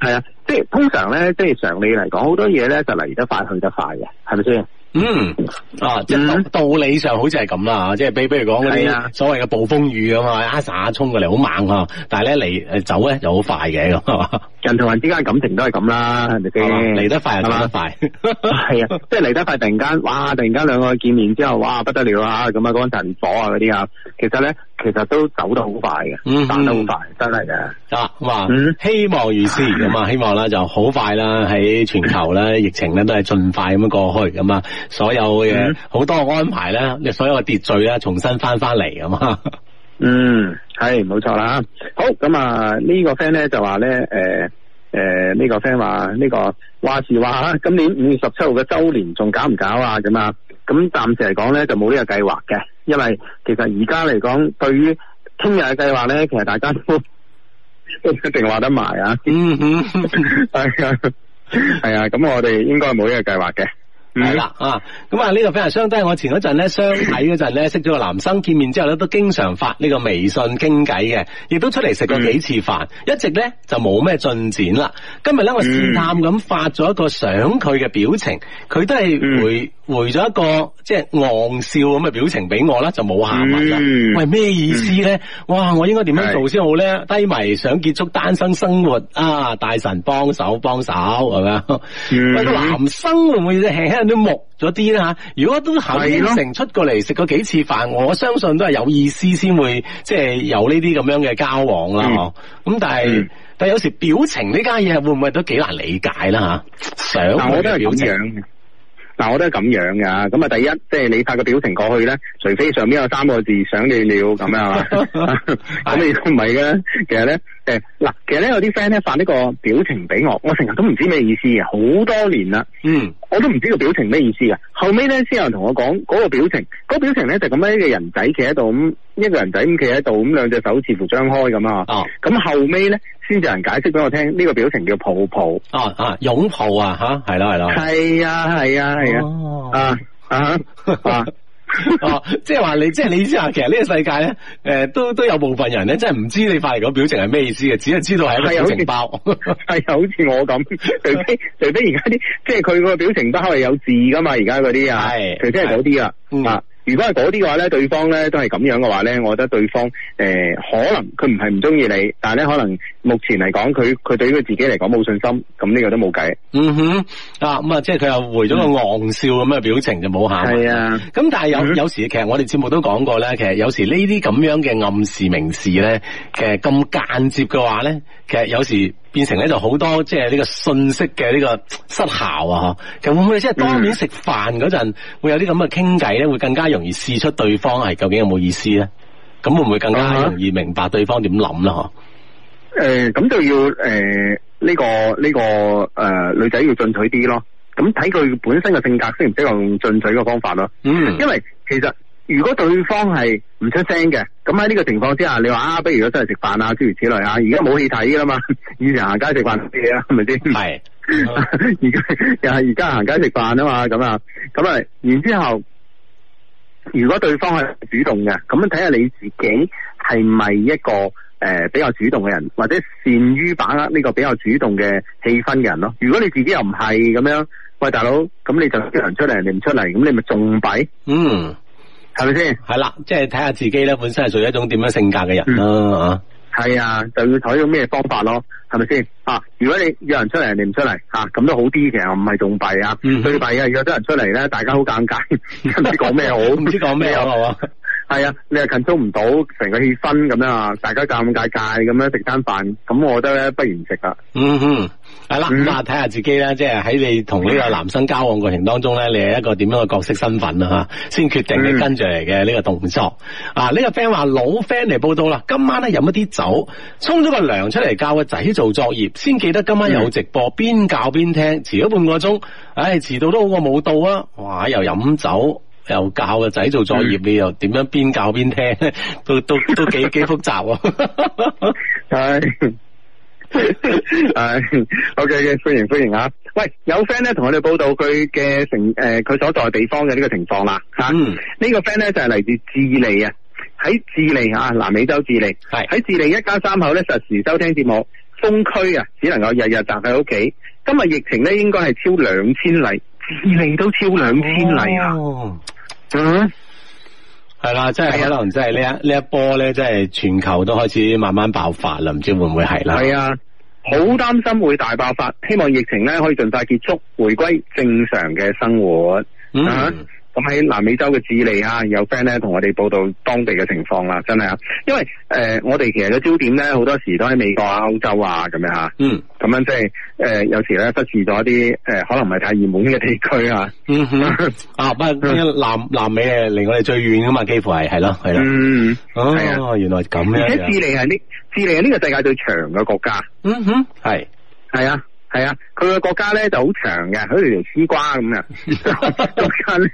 Speaker 1: 係啊，即係通常咧，即係常理嚟講，好多嘢咧就嚟得快，去得快嘅，係咪先？嗯，啊，是道理上好似係咁啦，即、嗯、係比，譬如講嗰啲所謂嘅暴風雨咁啊，一 a 衝過嚟好猛啊，但係咧嚟誒走咧就好快嘅咁 [laughs] 人同人之間感情，都係咁啦，係咪先？嚟得快又走得快，
Speaker 3: 係 [laughs] 啊，即係嚟得快，突然間哇，突然間兩個見面之後哇，不得了啊，咁啊，嗰陣火啊嗰啲啊，其實咧，其實都走得好快嘅，散、嗯嗯、得好快，真係嘅、嗯。啊，
Speaker 1: 哇，希望如斯咁啊，希望啦就好快啦，喺全球咧疫情咧都係盡快咁樣過去，咁 [laughs] 啊、嗯，所有嘅好多安排咧，所有嘅秩序咧，重新翻翻嚟啊
Speaker 3: 嗯，係冇錯啦，好咁啊！呢、這個 friend 咧就、呃呃這個 friend 這個、話咧，誒誒，呢個 friend 話呢個話是話啊，今年五月十七號嘅周年仲搞唔搞啊？咁啊，咁暫時嚟講咧就冇呢個計劃嘅，因為其實而家嚟講，對於聽日嘅計劃咧，其實大家都都
Speaker 1: 一定話得埋啊。嗯哼，係啊，係啊，咁我哋應該冇呢個計劃嘅。係、嗯、啦啊，咁啊呢個比較傷，但我前嗰陣咧相睇嗰陣咧，呢，識咗個男生，見面之後咧都經常發呢個微信傾偈嘅，亦都出嚟食過幾次飯，嗯、一直咧就冇咩進展啦。今日咧我試探咁發咗一個想佢嘅表情，佢都係會。嗯嗯回咗一個即係昂笑咁嘅表情俾我啦，就冇下文啦。喂，咩意思咧、嗯？哇，我應該點樣做先好咧？低迷想結束單身生活啊！大神幫手幫手係咪啊？個、嗯、男生會唔會輕輕都木咗啲咧吓？如果都行成出過嚟食過幾次飯、嗯，我相信都係有意思先會即係有呢啲咁樣嘅交往啦。嗬、嗯，咁但係、嗯、但係有時表情呢家嘢會唔會都幾難理解啦吓？想我都係表情。但我都係咁樣㗎。咁啊第一，即係你發個表情過去咧，除非上面
Speaker 3: 有三個字想你了咁樣係咪？咁你都唔係嘅，其實咧。誒，嗱，其實咧有啲 friend 咧，發呢個表情俾我，我成日都唔知咩意思啊，好多年啦，嗯，我都唔知個表情咩意思嘅。後尾咧先有人同我講嗰個表情，嗰個表情咧就咁樣一個人仔企喺度咁，一個人仔咁企喺度咁，兩隻手似乎張開咁啊，咁後尾咧先有人解釋俾我聽，呢個表情叫抱抱，
Speaker 1: 啊啊，擁抱啊吓，係啦係啦，係啊係啊係啊，啊啊啊！啊 [laughs] [laughs] 哦，即係話你，即係你意思話，其實呢個世界咧，誒、呃，都都有部分人咧，真係唔知道你發嚟個表情係咩意思嘅，只係知道係一個表情
Speaker 3: 包，係又好似我咁，除非除非而家啲，即係佢個表情包係有字噶嘛，而家嗰啲啊，除非係嗰啲啦，啊，如果係嗰啲嘅話咧，對方咧都係咁樣嘅話咧，我覺得對方誒、呃、可能佢唔係唔中意你，但係咧可能。目前嚟講，佢佢對於佢自己嚟講冇信心，咁呢個都冇計。
Speaker 4: 嗯哼，啊咁啊，即係佢
Speaker 1: 又回咗個戇笑咁嘅表情，嗯、就冇下。係、嗯、啊，咁但係有有時，其實我哋節目都講過咧，其實有時呢啲咁樣嘅暗示、明示咧，其實咁間接嘅話咧，其實有時變成咧就好多即係呢個信息嘅呢個失效啊！嗬，其實會唔會即係當面食飯嗰陣會有啲咁嘅傾偈咧，會更加容易試出對方係究竟有冇意思咧？咁會唔會更加容易明白對方點諗啦？嗬、嗯？
Speaker 3: 誒、呃，咁就要誒呢、呃這個呢、這個誒、呃、女仔要進取啲咯，咁睇佢本身嘅性格適唔適合用進取嘅方法咯。嗯，因為其實如果對方係唔出聲嘅，咁喺呢個情況之下，你話啊，不如我出嚟食飯啊，諸如此類啊。而家冇戲睇啦嘛，以前行街食飯啲嘢啦，係咪先？係
Speaker 4: 而
Speaker 3: 家又係而家行街食飯啊嘛，咁啊，咁啊，然之後如果對方係主動嘅，咁樣睇下你自己係咪一個。誒、呃，比較主動嘅人，或者善於把握呢個比較主動嘅氣氛嘅人咯。如果你自己又唔係咁樣，喂大佬，咁你就約人出嚟，人哋唔出嚟，咁你咪仲弊？
Speaker 1: 嗯，
Speaker 3: 係咪先？係啦，
Speaker 1: 即係睇下自己咧，本身係屬於一種點樣性格嘅人咯、嗯。啊，係啊，就要採用咩方
Speaker 3: 法咯，係咪先？啊，如果你約人出嚟，人哋唔出嚟，吓咁都好啲，嘅。其實唔係仲弊啊。嗯、最弊嘅，約咗人出嚟咧，大家好尷尬，唔 [laughs] 知講咩好，唔 [laughs] 知講咩好，係嘛。係啊，你又近衝唔到成個氣氛咁樣啊，大家尷尬介咁樣食餐飯，咁我覺得咧不如唔食啦。
Speaker 1: 嗯哼嗯，係啦，咁啊睇下自己呢，即係喺你同呢個男生交往過程當中咧，你係一個點樣嘅角色身份啊？吓，先決定你跟住嚟嘅呢個動作。嗯、啊，呢、這個 friend 話老 friend 嚟報到啦，今晚咧飲一啲酒，沖咗個涼出嚟教個仔做作業，先記得今晚有直播，邊、嗯、教邊聽，遲咗半個鐘，唉、哎，遲到都好過冇到啊！哇，又飲酒。又教個仔做作業，你又點樣邊教邊聽？都都都幾幾複雜啊！係
Speaker 3: ，OK 嘅，歡迎歡迎，喂，有 friend 咧同我哋報道佢嘅成誒，佢所在地方嘅呢個情況啦吓。呢、嗯啊呢個 friend 咧就係嚟自智利啊，喺智利啊，南美洲智利係喺智利一家三口咧實時收聽節目，封區啊，只能夠日日宅喺屋企。今日疫情咧應該係超兩千例，智利都超兩千例啊！哦
Speaker 1: 嗯，係啦，即係可能，即係呢一呢一波咧，即係全球都開始慢慢爆發啦，唔知會唔會係啦？係、uh-huh. 啊，好擔心會大爆發，希望疫情咧可以盡快結束，回歸正
Speaker 3: 常嘅生活嗯、uh-huh. 我喺南美洲嘅智利啊，有 friend 咧同我哋報道當地嘅情況啦，真係啊！因為誒、呃，我哋其實嘅焦點咧，好多時都喺美國啊、歐洲啊咁樣吓。嗯、就是，咁樣即係誒，有時咧忽視咗一啲誒、呃，可能唔係太熱門嘅地
Speaker 1: 區啊。嗯、啊，不、嗯、南南美係離我哋最遠噶嘛，幾乎係係咯係咯。嗯哦，啊、
Speaker 3: 哦，原來咁樣。而且智利係呢，智利係呢個世界最長嘅國家。嗯
Speaker 4: 哼，
Speaker 3: 係係啊係啊，佢嘅國家咧就好長嘅，好似條絲瓜咁啊。國家咧。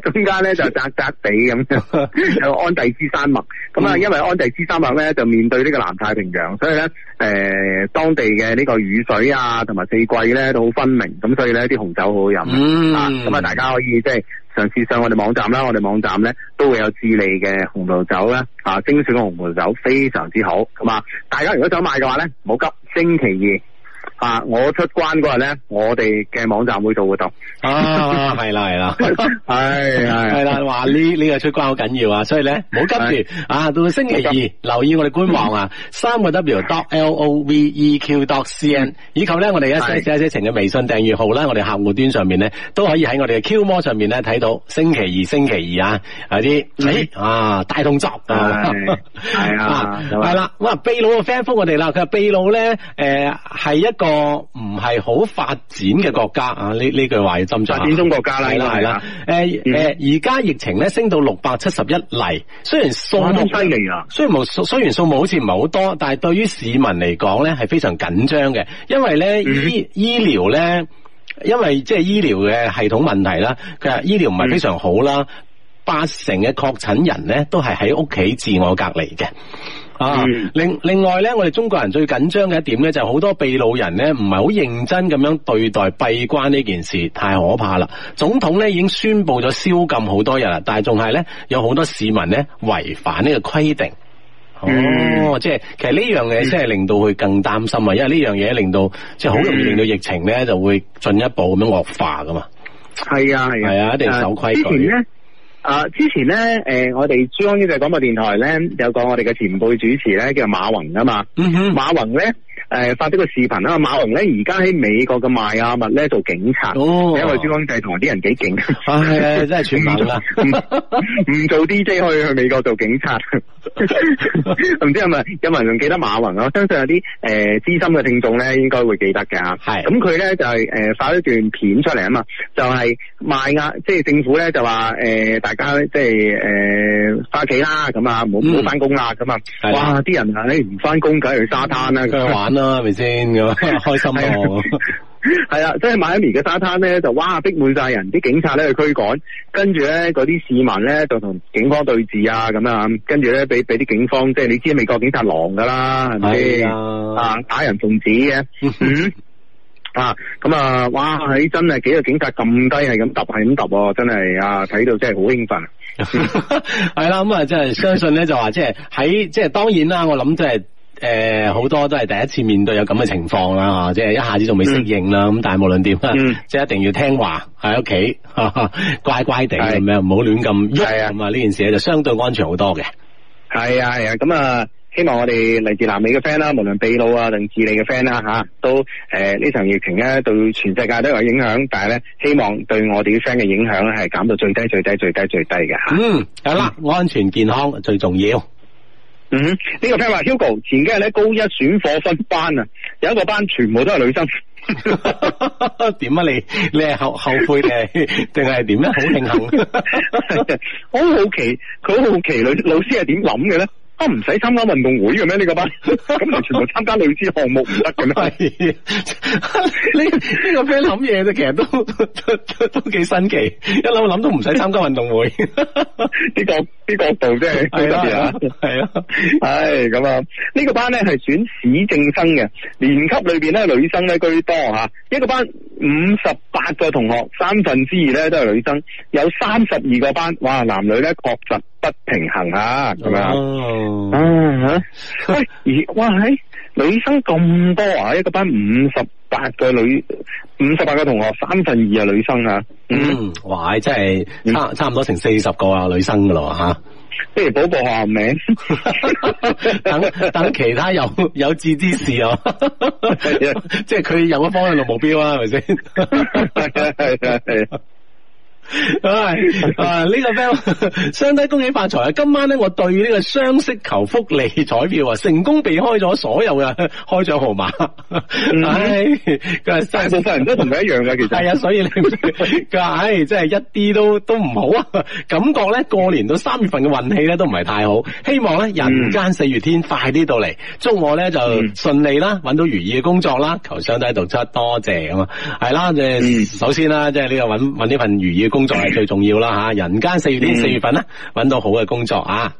Speaker 3: 中間咧就窄窄地咁，就安第斯山脈。咁啊，因為安第斯山脈咧就面對呢個南太平洋，所以咧，誒，當地嘅呢個雨水啊，同埋四季咧都好分明。咁所以咧，啲紅酒很好好飲啊！咁、嗯、啊，大家可以即係嘗試上我哋網站啦。我哋網站咧都會有智利嘅紅葡萄酒啦。啊，精選嘅紅葡萄酒非常之好。咁啊，大家如果想買嘅話咧，唔好急，星期二。啊！我出關嗰日咧，我哋嘅網站會做活動，
Speaker 1: 係啦係啦，係係啦，話呢呢個出關好緊要啊！所以咧，唔好急住啊，到星期二、嗯、留意我哋官網啊，三、嗯、個 w dot l o v e q dot c n，以及咧我哋一一些事一些情嘅微信訂閱號啦，我哋客戶端上面咧都可以喺我哋嘅 Q 摩上面咧睇到星期二星期二啊，有啲啊大動作，啊。係啊，
Speaker 4: 係啦，
Speaker 1: 哇！秘魯嘅 friend 覆我哋啦，佢話秘魯咧誒係一個。個唔係好發展嘅國家啊！呢呢句話要斟酌發展中國家啦，係啦係啦。誒誒，而家、呃呃呃、疫情咧升到六百七十一例，雖然數目雖然冇雖然數目好似唔係好多，但係對於市民嚟講咧係非常緊張嘅，因為咧、嗯、醫醫療咧，因為即係醫療嘅系統問題啦，佢話醫療唔係非常好啦、嗯，八成嘅確診人咧都係喺屋企自我隔離嘅。啊！另另外咧，我哋中國人最緊張嘅一點咧，就係好多秘魯人咧，唔係好認真咁樣對待閉關呢件事，太可怕啦！總統咧已經宣布咗宵禁好多日啦，但係仲係咧有好多市民咧違反呢個規定。哦，嗯、即係其實呢樣嘢先係令到佢更擔心啊，因為呢樣嘢令到、嗯、即係好容易令到疫情咧就會進一步咁樣惡化噶嘛。係啊，係啊，係啊，一定要守規矩。
Speaker 3: 啊！之前呢，誒、呃，我哋珠江呢個廣播電台咧，有個我哋嘅前輩主持咧，叫做馬雲啊嘛。嗯哼，馬雲咧。誒、呃，發咗個視頻啊！馬雲咧而家喺美國嘅邁阿密咧做警察，oh, oh. 因為珠江帝同啲人幾勁。係真係全唔做唔 [laughs] 不 [laughs] 做 DJ 可以去美國做警察。唔 [laughs] [laughs] [laughs] 知係咪有冇人還記得馬雲啊？我相信有啲誒資深嘅聽眾咧，應該會記得㗎。係，咁佢咧就係、是、誒、呃、發咗段片出嚟啊嘛，就係、是、邁阿密，即係政府咧就話、是、誒、呃就是呃，大家即係誒翻屋企啦，咁、呃、啊，冇冇翻工啦，咁、嗯、啊、呃，哇！啲人啊，你唔翻工，梗係去沙灘啦，嗯、 [laughs] 玩。
Speaker 1: 係咪
Speaker 3: 先咁開心咯的、 [laughs] 啊？係啊，即係馬尼嘅沙灘咧，就哇逼滿晒人，啲警察咧去驅趕，跟住咧嗰啲市民咧就同警方對峙啊，咁啊，跟住咧俾俾啲警方，即係你知道美國警察狼噶啦，
Speaker 2: 係啊，啊，
Speaker 3: 打人奉旨嘅，啊 [laughs] 咁啊，哇，係真係幾個警察咁低係咁揼，係咁揼，真係啊，睇到真係好興奮，
Speaker 4: 係啦，
Speaker 1: 咁啊， [laughs] [laughs] 啊嗯、即係相信咧，就話即係喺即係當然啦，我諗即係。誒，好多都係第一次面對有咁嘅情況啦，吓，即係一下子仲未適應啦，咁、嗯、但係無論點、嗯，即係一定要聽話喺屋企，乖乖地咁樣，唔好亂咁喐，係啊，咁啊呢件事咧就相對安全好多嘅。
Speaker 3: 係啊，係啊，咁啊，希望我哋嚟自南美嘅 friend 啦，無論秘魯啊，定智利嘅 friend 啦，吓，都誒呢層疫情咧對全世界都有影響，但係咧希望對我哋啲 friend 嘅影響咧係減到最低、最低、最低、最低嘅。嗯，
Speaker 1: 係啦、啊，安全健康最重要。嗯
Speaker 3: 嗯，呢、這個 friend 話，Hugo 前幾日咧高一選課分
Speaker 1: 班啊，有一個班全部都係女生，點 [laughs] 啊你？你係後後悔定係定係點咧？好慶幸，
Speaker 3: 好 [laughs] [laughs] 好奇，佢好好奇女老師係點諗嘅咧？唔使參加運動會嘅咩？呢個班咁就全部參加女子
Speaker 1: 項目唔得嘅咩？呢 [laughs] 呢、 [laughs] [laughs] 這個 friend 諗嘢啫，其實都都幾新奇，一諗諗都唔使參加運動會。呢、 [laughs] 這個呢、這個角
Speaker 4: 度真係啊！
Speaker 3: 係咁啊。呢、 [laughs] 那個班咧係選市政生嘅，年級裏邊咧女生咧居多吓。一個班五十八個同學，三分之二咧都係女生，有三十二個班，哇，男女咧確實。不平衡啊，咁樣、oh. 啊喂，而哇女生
Speaker 1: 咁多啊，一個班五十八個女，五十八個同學三分二啊女生啊，嗯，哇真係差差唔多成四十個啊女生噶咯吓，不如補報學校名， [laughs] [laughs] 等等其他有有志之士啊。 [laughs] [laughs] [laughs] 即係佢有一個方向嘅目標啊，係咪先？係啊，呢個 friend 雙低恭喜發財啊！今晚咧我對呢個雙色球福利彩票啊，成功避開咗所有嘅開獎號碼。唉、 [laughs] mm-hmm. [laughs] 佢話三十人都同你一樣嘅， [laughs] 其實係啊，所以你佢話唉， [laughs] 真係一啲都都唔好啊！感覺咧過年到三月份嘅運氣咧都唔係太好，希望咧人間四月天快啲到嚟，mm-hmm. 祝我咧就順利啦，搵、mm-hmm. 到如意嘅工作啦，求雙低度出多謝啊嘛，係啦，即、就、係、是、首先啦，即係呢個搵搵呢份如意嘅工作。工作係最重要啦，吓，人間四月天，四月份啦，揾到好嘅工作啊！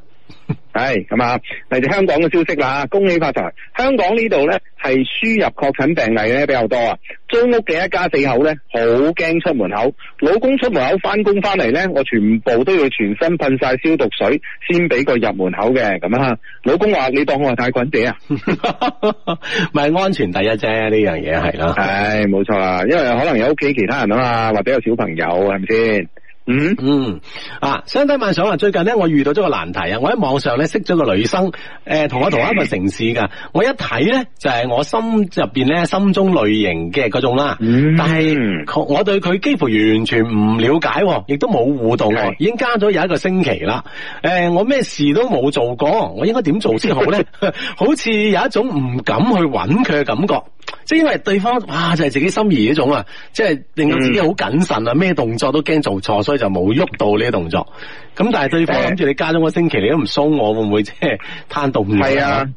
Speaker 1: [laughs]
Speaker 3: 係咁啊！嚟自香港嘅消息啦，恭喜發財！香港呢度咧係輸入確診病例咧比較多啊！租屋嘅一家四口咧好驚出門口，老公出門口翻工翻嚟咧，我全部都要全身噴晒消毒水先俾佢入門口嘅。咁、嗯、啊，老公話你當我係帶菌者啊？
Speaker 1: 咪 [laughs] 安全第一啫，呢樣嘢係囉。係冇錯啦，因為可能有屋企其他人啊嘛，或者有小朋友係咪先？嗯、mm-hmm. 嗯，啊，相睇萬想啊！最近咧，我遇到咗個難題啊！我喺網上咧識咗個女生，誒、呃，同我同一個城市噶。Mm-hmm. 我一睇咧，就係、是、我心入邊咧心中類型嘅嗰種啦。Mm-hmm. 但係我對佢幾乎完全唔了解，亦都冇互動，mm-hmm. 已經加咗有一個星期啦。誒、呃，我咩事都冇做過，我應該點做先好呢？ [laughs] 好似有一種唔敢去揾佢嘅感覺。即係因為對方哇、啊、就係、是、自己心儀嗰種啊，即係令到自己好謹慎啊，咩、嗯、動作都驚做錯，所以就冇喐到呢啲動作。咁但係對方諗住你加咗個星期，你都唔松我，會唔會即係攤凍住係？係啊，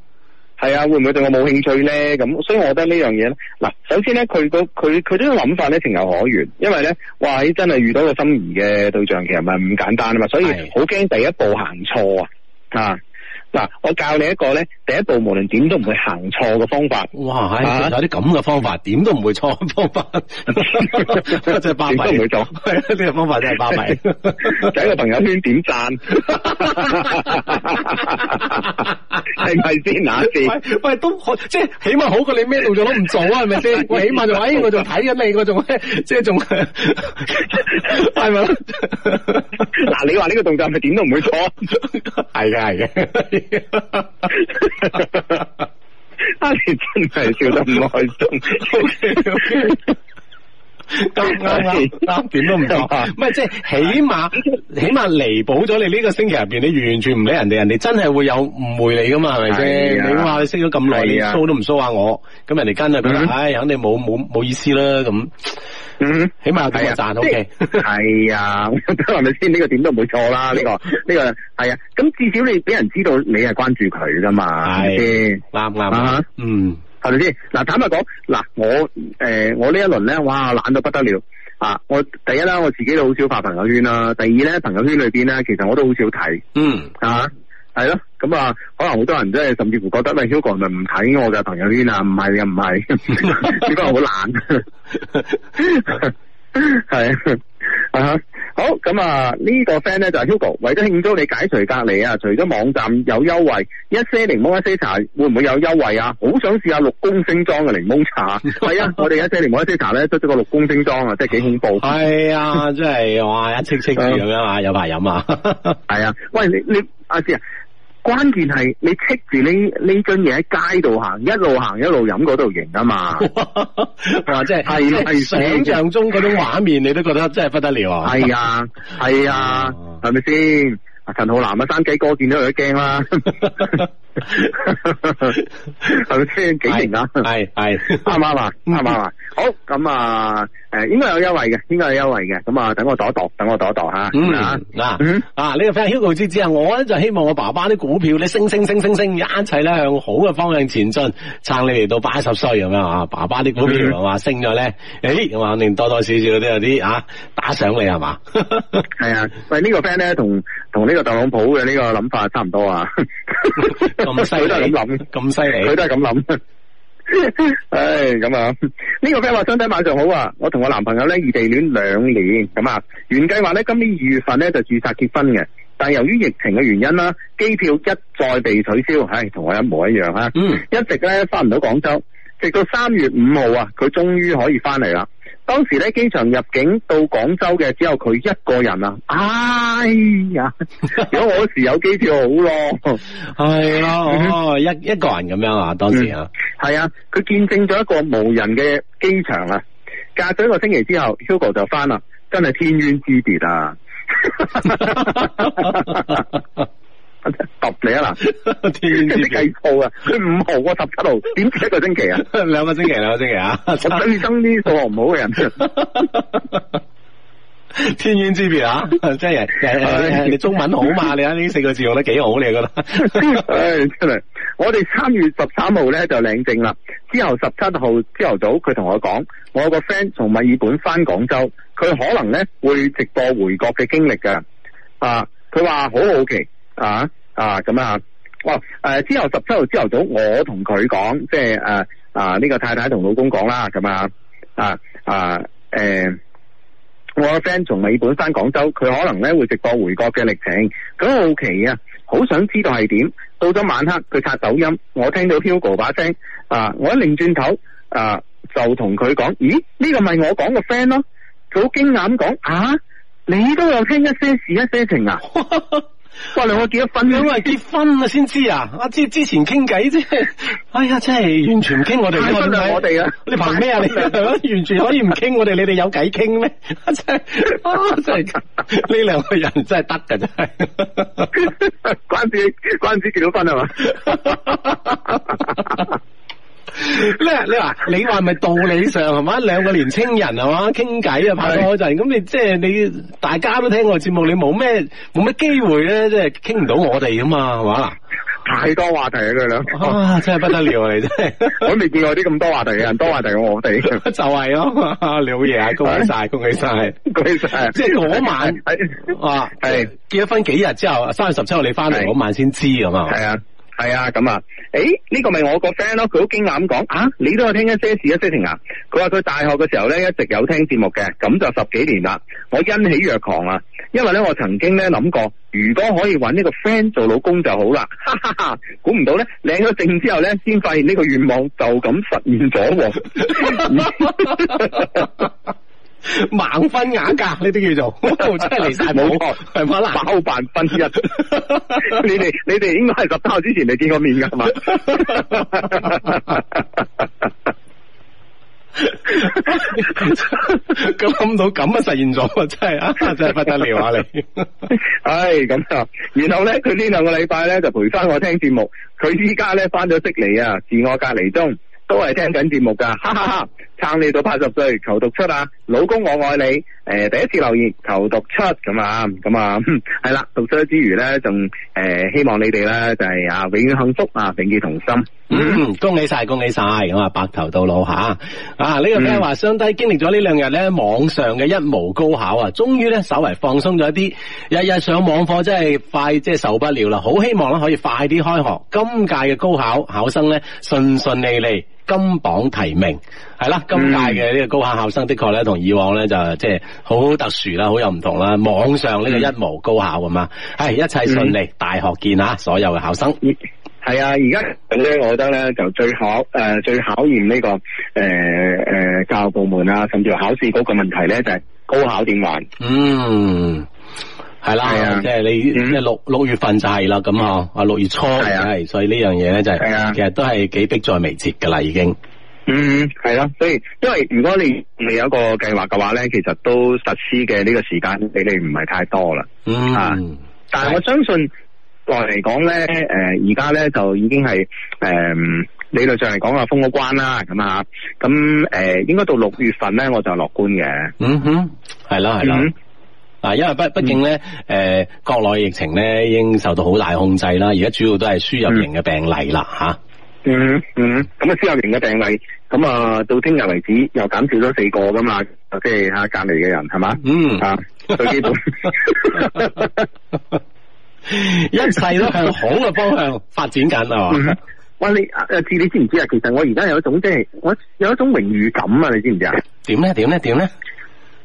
Speaker 3: 係啊，會唔會對我冇興趣咧？咁所以我覺得呢樣嘢咧，嗱，首先咧，佢個佢佢呢個諗法咧情有可原，因為咧，哇，你真係遇到個心儀嘅對象，其實唔係咁簡單啊嘛，所以好驚第一步行錯啊。啊。嗱、啊，我教你一個咧，第一步無論點都唔會行錯嘅方法。
Speaker 1: 哇，有啲咁嘅方法，點、啊、都唔會錯嘅方法， [laughs] [laughs] 真係八米都唔會做。呢、啊這個方法真係八米，喺、啊、個、啊、朋友圈點讚，
Speaker 3: 係咪先？嗱，喂，
Speaker 2: 都好，即係起碼
Speaker 3: 好過你咩動作都唔做啊？係咪先？我 [laughs] 起碼就話，哎，我仲睇緊你，我仲咧，
Speaker 4: 即係仲係
Speaker 3: 咪？嗱、 [laughs] [laughs] 啊，你話呢個動作係咪點都唔會錯？係 [laughs]
Speaker 4: 嘅，係嘅。係嘅。哈哈哈哈哈！阿杰真係笑得唔開心，啱啱
Speaker 1: 啱點都唔錯，唔係 [laughs] 即係起碼 [laughs] 起碼彌補咗你呢個星期入邊，你完全唔理人哋，人哋真係會有誤會你噶嘛？係咪先？你話你識咗咁耐，你騷都唔騷下我，咁人哋跟啊，佢 [laughs] 唉，肯定冇冇冇意思啦咁。嗯，起碼睇下讚 OK，係啊，啊 [laughs] 都係咪先？呢個點都唔會錯啦，呢、 [laughs] 這個呢個係啊。咁
Speaker 3: 至少你俾人知道你係關注佢噶嘛，先啱唔啱嗯，係咪先？嗱、啊，坦白講，嗱，我誒、呃、我呢一輪咧，哇，懶到不得了啊！我第一啦，我自己都好少發朋友圈啦。第二咧，朋友圈裏邊咧，其實我都好少睇，嗯啊。係咯，咁啊，可能好多人即係甚至乎覺得喂 Hugo 你係咪唔睇我嘅朋友圈啊？唔係啊，唔係、啊，應 [laughs] 該我好懶。 [laughs] 係啊，好咁啊，呢個 friend 咧就係 Hugo，為咗慶祝你解除隔離啊，除咗網站有優惠，一些檸檬一些茶會唔會有優惠啊？好想試下六公升裝嘅檸檬茶。係 [laughs] 啊，我哋一些檸檬一些茶咧出咗個六公升裝啊，真係幾恐怖。係 [laughs] 啊，真
Speaker 1: 係哇，一傾傾咁樣啊，有排飲啊。係 [laughs] 啊，喂，你你
Speaker 3: 阿志啊。關鍵係你戚住呢呢樽嘢，喺街度行，一路行一路
Speaker 1: 飲嗰度型啊
Speaker 3: 嘛，
Speaker 4: 哇！即係系係想象
Speaker 1: 中嗰種畫
Speaker 3: 面， [laughs] 你都覺得真係不得了。啊！係啊係啊，係咪先？陳、 [laughs] 嗯、浩南啊，山雞哥見到佢都驚啦。 [laughs] [laughs] 係咪先？幾年啦，係係啱嘛啱啊，啱嘛啱啊。好、嗯、咁啊，誒應該有優惠嘅，應該有優惠嘅，咁啊等我度一度，等我度一度吓，
Speaker 4: 嗯
Speaker 1: 啊呢個 friend Hugo 之後我咧就是、希望我爸爸啲股票咧升升升升升，一切咧向好嘅方向前進，撐你哋到八十歲咁樣啊，爸爸啲股票係嘛、嗯、升咗咧，誒咁啊肯定多多少少都有啲啊打賞你係嘛，
Speaker 3: 係 [laughs] 啊，喂、這個、呢個 friend 咧同同呢個特朗普嘅呢個諗法差唔多啊。 [laughs] 佢都係咁諗，咁犀利。佢都係咁諗， [laughs] 唉，咁啊。呢個 friend 話身體晚上好啊，我同我男朋友咧異地戀兩年，咁啊，原計劃咧今年二月份咧就注冊結婚嘅，但係由於疫情嘅原因啦，機票一再被取消，唉，同我一模一樣啊，嗯，一直咧翻唔到廣州，直到三月五號啊，佢終於可以翻嚟啦。當時咧機場入境到廣州嘅只有佢一個人啊，哎呀！如果我嗰時有機票好咯，係 [laughs] 咯， [laughs] 哦、 [laughs] 一一個人咁樣啊，當時啊，係、嗯、啊，佢見證咗一個無人嘅機場啊，隔咗一個星期之後，Hugo 就翻啦，真係天淵之別啊！ [laughs] [laughs] 十幾啊嗱，計數啊！佢五號過十七號，點止一個星期
Speaker 1: 啊？兩個星期，兩個星期啊！ [laughs] 我憎啲數學唔好嘅人。 [laughs] 天淵之別啊！真 [laughs] 係 [laughs] [laughs] [laughs] 你中文好嘛？ [laughs] 你睇呢四個字用得幾好？你
Speaker 3: 覺得？真係！我哋三月十三號咧就領證啦，之後十七號朝頭早佢同我講，我有個 friend 從墨爾本翻廣州，佢可能咧會直播回國嘅經歷嘅啊！佢話好好奇啊！啊咁啊，哇！誒、哦，之後十七號朝頭早，我同佢講，即係誒誒，呃啊呢個太太同老公講啦，咁啊啊啊，誒、啊呃，我個 friend 從美本翻廣州，佢可能咧會直播回國嘅歷程，咁好奇啊，好想知道係點。到咗晚黑，佢刷抖音，我聽到 Hugo 把聲，啊，我一擰轉頭，啊，就同佢講，咦，呢個咪我講個 friend 咯，佢好驚訝咁
Speaker 1: 講，啊，你都有聽一些事一些情啊？ [laughs] 哇，我結咗婚，因為結婚啊先知啊，阿知之前傾偈啫，哎呀真係完全唔傾我哋，結婚係我哋啊，你憑咩啊？你完全可以唔傾我哋， [laughs] 你哋有偈傾咩？真係真係，呢、 [laughs] 啊、真 [laughs] 兩個人真係得噶，真係，
Speaker 3: 關子關子結咗婚係嘛？ [laughs] [laughs]
Speaker 1: 你你話你話係咪道理上係嘛？兩 [laughs] 個年青人係嘛？傾偈啊，拍拖嗰陣咁，你即係你大家都聽我節目，你冇咩冇咩機會咧？即係傾唔到我哋啊嘛？係嘛？太多話題啊，佢兩啊，真係不得了 [laughs] 你真係，我都未見過啲咁多話題嘅人，多話題我哋 [laughs] 就係咯，好嘢啊恭喜晒，恭喜晒，恭喜晒！即係嗰晚啊，係 [laughs] 結咗婚幾日之後，三月十七號你翻嚟嗰晚先知咁啊，係啊。係啊，咁啊，誒、欸，呢個咪我個 friend 咯，佢好驚訝咁講，啊，
Speaker 3: 你都有聽一些事一些情啊？佢話佢大學嘅時候咧，一直有聽節目嘅，咁就十幾年啦。我欣喜若狂啊，因為咧我曾經咧諗過，如果可以搵呢個 friend 做老公就好啦，哈哈哈，估唔到咧領咗證之後咧，先發現呢個願望就咁實現咗。 [laughs] [laughs] 盲婚啞嫁呢啲叫做，真係離晒譜，係咪啊？包辦婚姻， [laughs] 你哋你哋應該係十三號之前未見過面噶係嘛？
Speaker 1: 咁 [laughs] [laughs] [laughs] [laughs] [laughs] [laughs] [laughs] 諗到咁啊實現咗，真係真係不得了啊！你、 [laughs] 哎，唉，咁啊，然後咧，佢呢兩
Speaker 3: 個禮拜咧就陪翻我聽節目。佢依家咧翻咗悉尼啊，自我隔離中，都係聽緊節目噶，哈哈哈！撐你到八十歲，求讀出啊！老公我愛你。誒第一次留言求讀出咁啊，咁啊係啦，讀出之餘咧，仲誒
Speaker 1: 希望你哋咧就係啊永遠幸福啊永結同心，恭喜晒恭喜晒，咁啊白頭到老吓啊呢個咩話相低經歷咗呢兩日咧網上嘅一模高考啊，終於咧稍為放鬆咗一啲，日日上網課真係快即係受不了啦，好希望咧可以快啲開學，今屆嘅高考考生咧順順利利金榜題名，係啦，今屆嘅呢個高考考生的確咧同。以往咧就即係好特殊啦，好有唔同啦。網上呢個一模高考啊嘛，係、嗯、一切順利、嗯，大學見啊！所有嘅考生係啊，而家咁咧，我覺得咧就最考誒最考
Speaker 3: 驗呢、這個誒誒、呃、教育部門啊，甚至考試嗰個問題咧，就係高考
Speaker 1: 點玩？嗯，係啦，即係、就是、你即係六六月份就係啦，咁嗬啊六月初係，所以呢樣嘢咧就係、是、其實都係幾迫在眉睫噶啦，已經。嗯，係啦，所以因為如果你未有一個計劃嘅話咧，其實都實
Speaker 3: 施嘅呢個時間俾你唔係太多啦。嗯，啊，但係我相信國內嚟講咧，誒，而家咧就已經係誒、呃、理論上嚟講啊封咗關啦，
Speaker 1: 咁啊，咁、呃、誒，應該到六月份咧，我就樂觀嘅。嗯
Speaker 4: 哼，
Speaker 1: 係啦係啦，嗱、嗯，因為不畢竟咧，誒、呃，國內疫情咧已經受到好大控制啦，而家主要都係輸入型嘅病例啦，吓、嗯。嗯嗯，咁、嗯、啊，私有型嘅病
Speaker 3: 例，咁、嗯、啊，到聽日為止又減少咗四個噶嘛，即係吓隔籬嘅人係嘛，嗯，對唔住，一切都向好嘅方向
Speaker 1: 發展緊啊。
Speaker 3: 喂、 [laughs] 嗯，你誒，你知唔知啊？其實我而家有一種即係、就是，我有一種榮譽感啊！你知唔知啊？
Speaker 1: 點咧？點咧？點咧？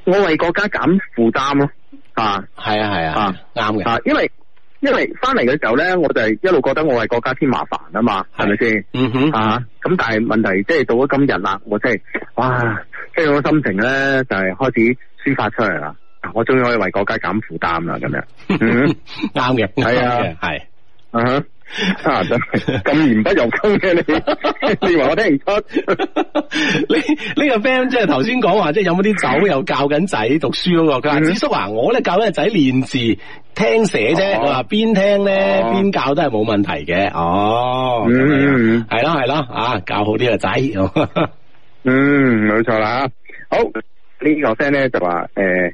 Speaker 3: 我為國家減負擔咯，啊，係啊係啊，啱嘅，因為。因為翻嚟嘅時候咧，我就係一路覺得我為國家添麻煩啊嘛，係咪先？嗯哼，啊，咁但係問題即係到咗今日啦，我即係，哇，即係我心情咧就係開始抒發出嚟啦，我終於可以為國家減負擔啦，咁樣。嗯，啱 [laughs] 嘅、嗯哼，係
Speaker 4: [laughs] 啊，係，嗯、
Speaker 1: uh-huh.。啊，真係咁言不由衷嘅，你，你話我聽唔出。呢個 friend 即係頭先講話，即係飲咗啲酒又教緊仔讀書咯。佢話、嗯、子叔話我咧教緊仔練字聽寫啫。我話邊聽咧邊、哦哦、教都係冇問題嘅。哦，嗯，係咯係咯，啊，教好啲個、啊、仔。 [laughs] 嗯，冇錯啦。好，呢、這個 friend 咧就話誒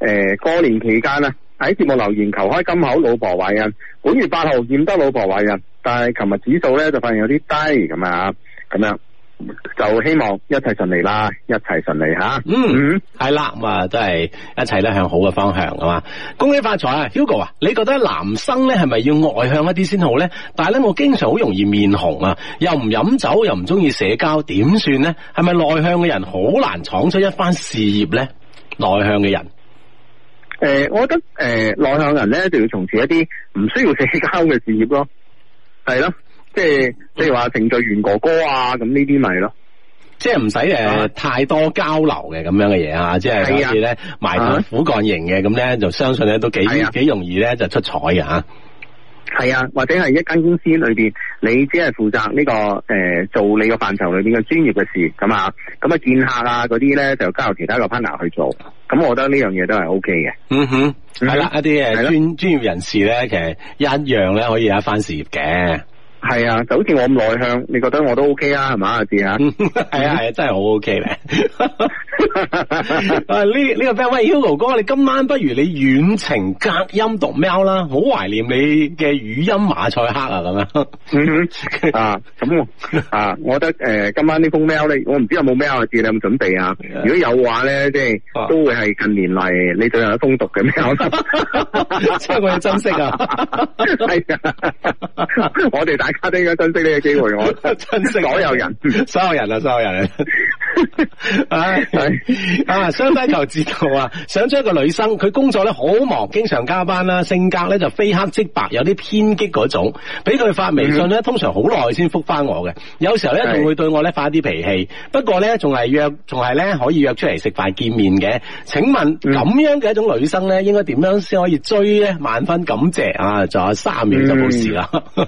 Speaker 3: 誒過年期間啦喺節目留言求開金口，老婆懷孕。本月八號驗得老婆懷孕，但係琴日指數咧就發現有啲低咁啊，咁樣，樣
Speaker 1: 就希望一切順利啦，一切順利吓。嗯，係、嗯、啦，咁啊都係一切咧向好嘅方向啊嘛。恭喜發財啊，Hugo 啊，你覺得男生咧係咪要外向一啲先好咧？但係咧我經常好容易面紅啊，又唔飲酒，又唔中意社交，點算咧？係咪內向嘅人好難闖出一番事業咧？內向嘅人。誒、呃，我覺得誒、
Speaker 3: 呃，內向人咧就要從事一啲唔需要社交嘅事業咯，係咯，即係譬如話程序員哥哥啊，咁呢啲咪
Speaker 1: 咯，即係唔使誒太多交流嘅咁樣嘅嘢，啊，即係好似咧埋頭苦幹型嘅，咁咧就相信咧都幾幾容易咧就出彩㗎。
Speaker 3: 係啊，或者係一間公司裏邊，你只係負責呢、這個誒、呃、做你個範疇裏邊嘅專業嘅事，咁啊，咁啊見客啊嗰啲咧就交由其他個 partner 去做，咁我覺得呢
Speaker 1: 樣嘢都係 OK 嘅。嗯哼，
Speaker 4: 係、嗯、啦，一啲
Speaker 1: 誒專專業人士咧，其實一樣咧可以有一番事業嘅。係啊，就好似我咁內向，你覺得我都 OK 啊，係嘛？阿志啊？係啊係啊，真係好 OK 咧。 [laughs] [laughs] 啊呢呢、這個 friend，喂 Hugo 哥，你今晚不如你遠程隔音讀 mail 啦，好懷念你嘅語音馬賽克啊咁樣 [laughs] 啊。啊，咁、嗯、啊，我覺得誒、呃，今晚
Speaker 3: 呢封 mail 咧，我唔知有冇 mail 啊，志你有冇準備啊？如果有話咧，即係都會係近年嚟你最後一封讀嘅 mail。 [laughs] 真係我要珍惜啊， [laughs] [laughs] 啊！我哋大。家啲嘅珍惜呢個機會，我珍
Speaker 1: 惜所有人， [laughs] 所有人啊，所有人。啊係啊，雙低求指導啊，啊 [laughs] 想追一個女生，佢工作咧好忙，經常加班啦、啊，性格咧就非黑即白，有啲偏激嗰種。俾佢發微信咧，通常好耐先覆返我嘅，有時候咧仲會對我咧發啲脾氣。不過咧仲係約，仲係咧可以約出嚟食飯見面嘅。請問咁樣嘅一種女生咧，應該點樣先可以追咧？萬分感謝啊！仲有三秒就冇事啦。嗯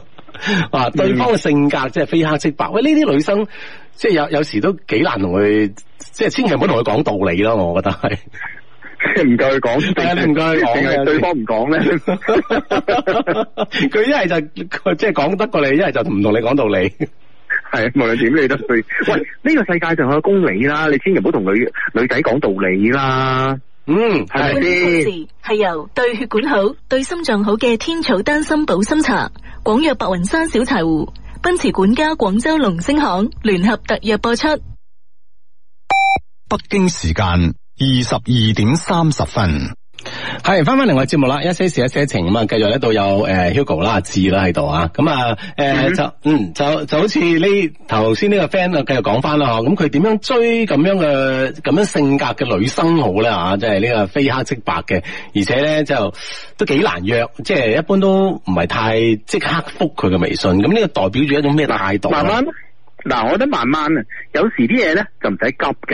Speaker 1: 話、啊、對方嘅性格即係、嗯就是、非黑即白，喂呢啲女生即係、就是、有有時都幾難同佢，即、就、係、是、千祈唔好同佢講道理咯，我覺得係，唔夠佢講，係唔夠佢講，對方唔講咧，佢一係就即係講得過你，一係就唔同你講道理，係無論點你都對，
Speaker 3: 喂呢、這個世界上嘅公理啦，你千祈唔好同女女仔講道理啦。嗯，係啲。係由對血管好、對心臟好嘅天草丹心保心茶，廣藥白雲山小柴胡，奔馳管家廣州龍星行聯合特約
Speaker 1: 播出。北京時間二十二點三十分。係，翻翻另外節目啦，一些事一些情咁啊，繼續喺度有誒 Hugo 啦、志啦喺度啊，咁啊誒就嗯就就好似呢頭先呢個 friend 啊，繼續講翻啦，咁佢點樣追咁樣嘅咁樣性格嘅女生好咧啊，即係呢個非黑即白嘅，而且咧就都幾難約，即係一般都唔係太即刻覆佢嘅微信，咁呢個代表住一種咩態度？慢慢，嗱，我覺得慢慢啊，有時啲嘢，咧就唔使急嘅，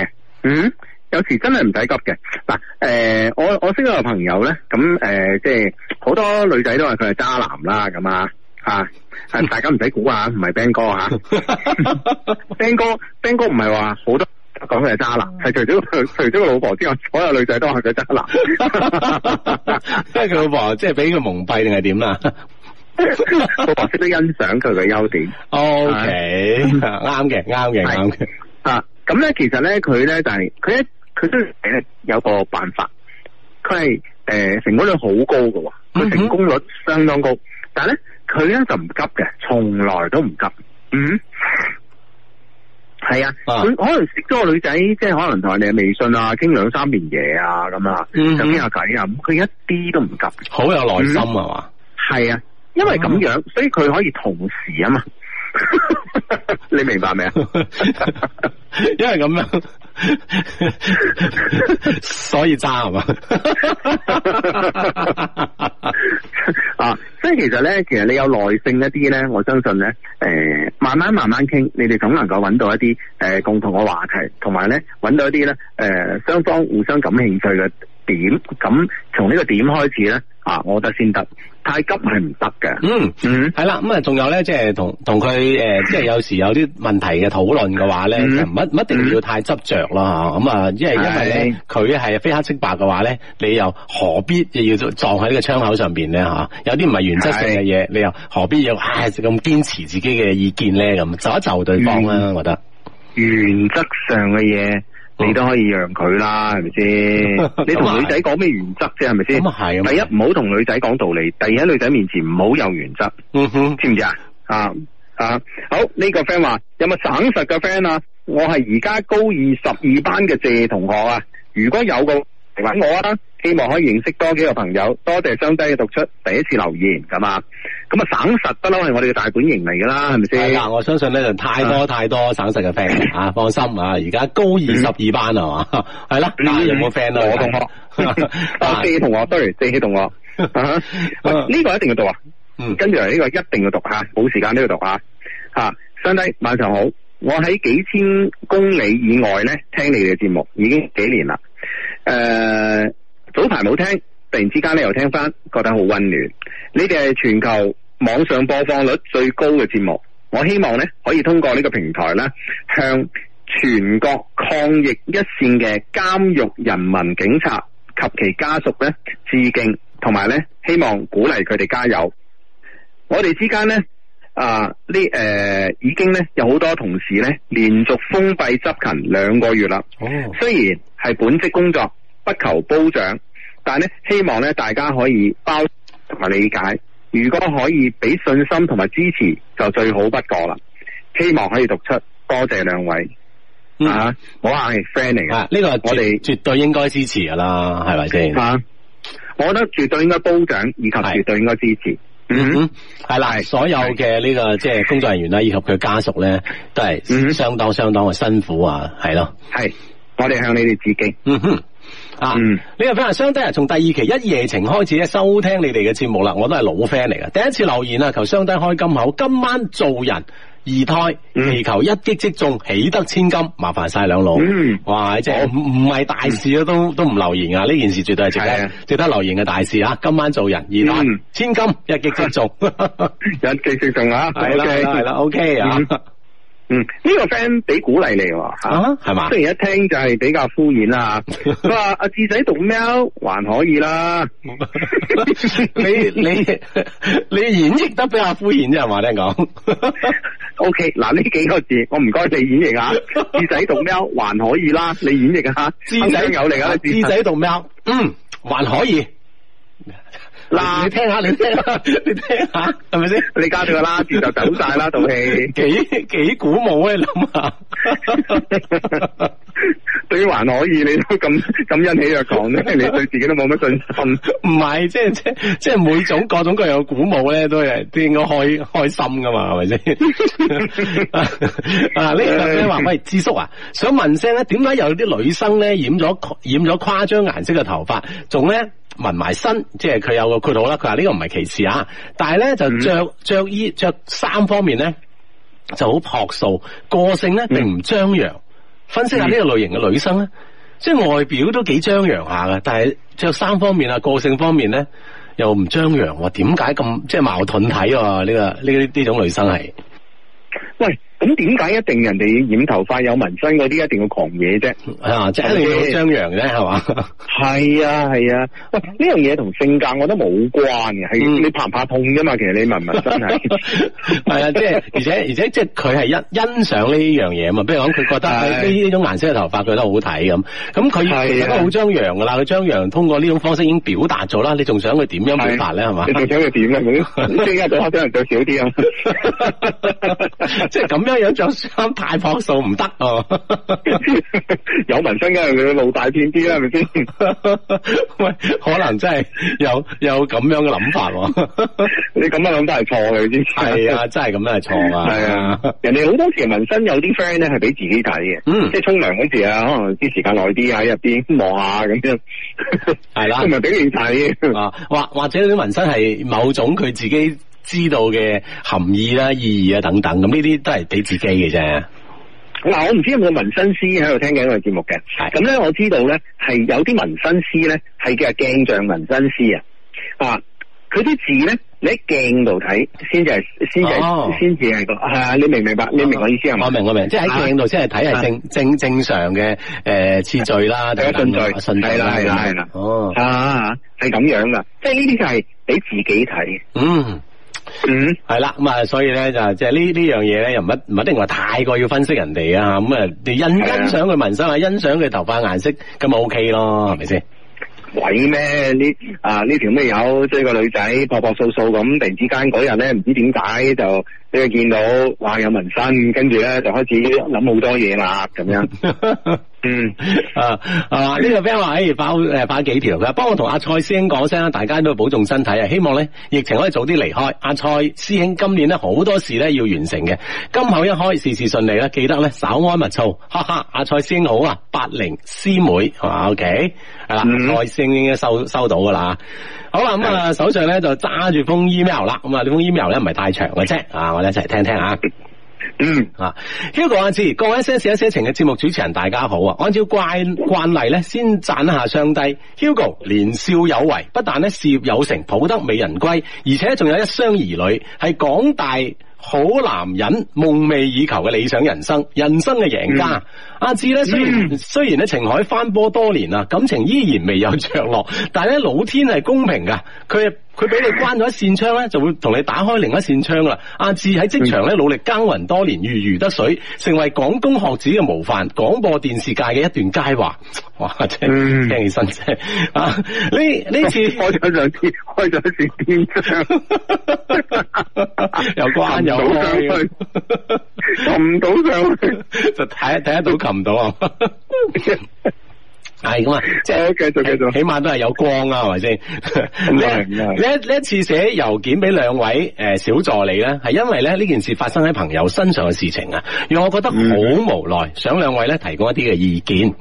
Speaker 1: 嗯。有時真係唔使急嘅嗱，誒、呃，
Speaker 3: 我我識一個朋友咧，咁誒，即係好多女仔都話佢係渣男啦，咁啊，吓，係大家唔使估啊，唔係 Ben 哥吓，Ben 哥
Speaker 1: Ben 哥唔係話好多講佢係渣男，係 [laughs] 除咗除咗個老婆之外，所有女仔都話佢渣男，即係佢老婆，即係俾佢蒙蔽定係 [laughs] 點
Speaker 4: okay，
Speaker 1: 啊？老婆識得欣賞佢嘅優點。O K，啱嘅，啱嘅，啱嘅。啊，
Speaker 3: 咁咧其實咧佢咧就係、是、佢一。佢都誒有個辦法，佢係誒成功率好高嘅，佢成功率相當高。但係咧，佢咧就唔急嘅，從來都唔急。嗯，係啊，佢、啊、可能識咗個女仔，即係可能同人哋嘅微信兩啊，傾兩三遍嘢啊，咁啊，傾下偈啊，咁佢一啲都唔急。好有耐心啊嘛。係、嗯、啊，因為咁
Speaker 1: 樣，所以佢可以同時啊嘛。 [laughs] 你明白未啊？ [laughs] 因為咁樣。 [laughs] 所以渣係嘛
Speaker 3: 啊！即係其實咧，其實你有耐性一啲咧，我相信咧，誒、呃，慢慢慢慢傾，你哋總能夠揾到一啲誒、呃、共同嘅話題，同埋咧揾到一啲咧誒雙方互相感興趣嘅點。咁從呢個點開始咧。啊，我覺得先得，太急係唔得嘅。嗯嗯，
Speaker 1: 係啦，咁啊，仲有咧，即係同同佢誒，即係有時有啲問題嘅討論嘅話咧，就唔一唔一定要太執着咯吓。咁、嗯、啊，因為因為咧，佢係非黑即白嘅話咧，你又何必又要撞喺呢個窗口上邊咧吓？有啲唔係原則性嘅嘢，你又何必要唉咁堅持自己嘅意見咧咁？就一就對方啦，我覺得原則上嘅嘢。你都可以讓佢啦，係咪先？ [laughs] 你同女仔
Speaker 3: 講咩原則啫，係咪先？啊 [laughs] 第一唔好同女仔講道理，第二喺女仔面前唔好有原則。嗯 [laughs] 哼，知唔知啊？啊啊，好呢、這個 friend 話有冇省實嘅 friend 啊？我係而家高二十二班嘅謝同學啊，如果有個，揾我啊。希望可以認識多幾個朋友，多謝雙低嘅讀出第一次留言，咁啊，咁啊省
Speaker 1: 實不嬲係我哋嘅大本營嚟噶啦，係咪先？嗱，我相信呢就太多、嗯、太多省實嘅 friend、嗯啊、放心啊，而家高二十二班係嘛，係、嗯、啦，有冇 friend 啊？我同學四、 [laughs] 哦哦、同學對四同學呢
Speaker 4: [laughs]
Speaker 1: 啊這個一定要讀啊，跟住嚟呢
Speaker 3: 個一定要讀吓，冇、啊、時間都要讀下。吓、啊。雙低晚上好，我喺幾千公里以外咧聽你哋嘅節目已經幾年啦，誒、呃。早排冇聽，突然之間咧又聽翻，覺得好溫暖。呢啲係全球網上播放率最高嘅節目。我希望咧，可以通過呢個平台咧，向全國抗疫一線嘅監獄人民警察及其家屬咧致敬，同埋咧希望鼓勵佢哋加油。我哋之間咧啊，呢、呃、誒、呃、已經咧有好多同事咧連續封閉執勤兩個月啦。哦，雖然係本職工作。不求褒獎，但係咧希望咧大家可以包同埋理解，如果可以俾信心同埋支持就最好不過啦。希望可以讀出，多謝，謝兩位、
Speaker 1: 嗯、啊！我係 friend 嚟嘅，呢個我哋絕對應該支持噶啦，係咪先？啊，我覺得絕對應該褒獎以及絕對應該支持。嗯哼，係啦，所有嘅呢個即係工作人員啦，以及佢家屬咧，都係相當相當嘅辛苦啊，係、嗯、咯。係我哋向你哋致敬。嗯哼。嗯、啊！你又非常雙低啊！從第二期一夜情開始咧，收聽你哋嘅節目啦，我都係老 friend 嚟嘅。第一次留言啊，求雙低開金口。今晚做人二胎，祈、嗯、求一擊即中，喜得千金，麻煩晒兩老、嗯。哇！即係唔唔係大事啊、嗯，都都唔留言啊。呢件事絕對係值得、嗯，值得留言嘅大事啊！今晚做人二胎、嗯，千金一擊即中，嗯、 [laughs] 一擊即中啊！
Speaker 4: 好啦，係啦，OK 啊！
Speaker 3: 嗯，呢、這個 friend 俾鼓勵你喎，啊，係、啊、嘛？雖然一聽就係比較敷衍啦，佢話阿智仔讀喵
Speaker 1: 還可以啦， [laughs] [laughs] 你你你演繹得比較敷衍啫，係嘛？聽 [laughs] 講，OK，嗱、啊、呢幾個字，我唔該你演繹下，
Speaker 3: 智仔讀喵還可以啦，你演繹下，智仔有嚟啊，智仔讀喵，
Speaker 4: 嗯，
Speaker 1: 還可以。嗱，你聽下，你聽下，你聽下，係咪先？你加咗個拉字就抖晒啦，套戲幾幾鼓舞諗諗下，想想
Speaker 3: [laughs] [laughs] 對於還可以，你都咁咁欣喜若狂咧，你對自
Speaker 1: 己都冇乜信心。唔 [laughs] 係，即係即即係每種各種各樣鼓舞咧，都係應該開開心噶嘛？係咪先？ [laughs] [laughs] 啊呢個咧話喂，志叔啊，想問聲咧，點解有啲女生咧染咗染咗誇張顏色嘅頭髮，仲咧？紋埋身，即係佢有個括號啦。佢話呢個唔係歧視啊，但係咧就着着衣着衫方面咧就好樸素，個性咧並唔張揚。分析下呢個類型嘅女生咧，即係外表都幾張揚下嘅，但係着衫方面啊，個性方面咧又唔張揚。話點解咁即係矛盾體啊？呢、呢個呢呢呢種女生係。
Speaker 3: 喂，咁點解一定人哋染頭髮有紋身嗰啲一定要狂野啫？啊，
Speaker 1: 即係一定要張揚咧，係嘛？
Speaker 3: 係啊，係啊。喂，呢樣嘢同性格我都冇關嘅，係、嗯、你怕唔怕痛㗎嘛？其實你問問
Speaker 1: 真係係啊，即 [laughs] 係 [laughs] 而且而且即係佢係欣欣賞呢樣嘢啊嘛。比如講，佢覺得呢種種顏色嘅頭髮，佢都好睇咁。咁佢其實都好張揚噶啦，佢張揚通過呢種方式已經表達咗啦。你仲想佢點樣表達咧？係嘛？你仲想佢 [laughs] [laughs]
Speaker 3: 點咧？咁即而家少啲啊。
Speaker 1: 即係咁樣樣着衫太樸素唔得啊！
Speaker 3: [laughs] [laughs] 有紋身嘅你露大片啲啦，係咪先？ [laughs] 喂，可能真係有有咁樣嘅諗法、啊。 [laughs] 你咁樣諗都係錯嘅，你知？係啊，真係咁樣係錯啊！係 [laughs] 啊，人哋好多時紋身有啲 friend 咧係俾自己睇嘅，嗯，
Speaker 1: 即係沖涼嗰時啊，可能啲時間耐啲啊，入邊望下咁樣。係 [laughs] 啦，係咪俾你睇，或 [laughs] 或者啲紋身係某種佢自己。知道嘅含義啦，意義啊等等，咁呢啲都係俾自己嘅啫。
Speaker 3: 嗱、嗯，我唔知有冇紋身師喺度聽緊呢個節目嘅。咁咧，我知道咧係有啲紋身師咧係叫做鏡像紋身師啊。啊，佢啲字咧你喺鏡度睇先，就係先就先至係個係啊。你明唔、啊明，啊啊、明
Speaker 1: 白？你明我意思係嘛？我明我明，即係喺鏡度先係睇係正正正常嘅誒次序啦，就咁啦，順序係啦係啦係啦，哦啊係咁樣噶，
Speaker 3: 即係呢啲就係俾自己睇嗯。
Speaker 1: 嗯，係啦，咁啊，所以咧就即係呢呢樣嘢咧，又唔乜唔係一定話太過要分析人哋啊吓，咁啊，欣欣賞佢紋身啊，欣賞佢頭髮顏色咁啊 OK 咯，係咪先？鬼咩？呢啊呢條咩友追個女仔，樸樸素素咁，突然之間嗰日咧唔知
Speaker 3: 點解就。你個見到話有紋身，跟住咧就開始諗好多
Speaker 1: 嘢啦，咁樣。 [laughs] 嗯啊係呢、啊這個 friend 話：，哎，發誒發幾條嘅，幫我同阿蔡師兄講聲啦，大家都保重身體啊！希望咧疫情可以早啲離開。阿蔡師兄今年咧好多事咧要完成嘅，金口一開，事事順利啦！記得咧稍安勿躁，哈哈！阿蔡師兄好啊，八零師妹係嘛？OK 係、嗯、啦、啊，蔡師兄應該收收到噶啦。好啦，咁啊手上咧就揸住封 email 啦，咁啊呢封 email 咧唔係太長嘅啫，啊我哋一齊聽聽吓。嗯， [coughs] Hugo, 啊 Hugo 阿 Sir 各位一些事一些情嘅節目主持人，大家好啊！按照慣慣例咧，先讚下上帝。Hugo 年少有為，不但咧事業有成，抱得美人歸，而且仲有一雙兒女，係港大。好男人夢寐以求嘅理想人生，人生嘅贏家。嗯、阿志咧、嗯，雖然雖然咧，情海翻波多年啊，感情依然未有着落。但係咧，老天係公平嘅，佢佢俾你關咗一扇窗咧，就會同你打開另一扇窗啦。阿志喺職場咧，努力耕耘多年，如魚得水，成為港工學子嘅模範，廣播電視界嘅一段佳話。哇，聽起身啫，啊！
Speaker 4: 呢呢次開咗兩扇，開咗兩扇窗，又關。 [laughs] [laughs] 到上去，唔到上去， [laughs] 就睇睇
Speaker 1: 得到，冚唔到啊。係咁啊，即係繼續繼續，起碼都係有光啊，係咪先？呢呢呢一次寫郵件俾兩位誒小助理咧，係因為咧呢件事發生喺朋友身上嘅事情啊，讓我覺得好無奈，嗯、想兩位咧提供一啲嘅意見。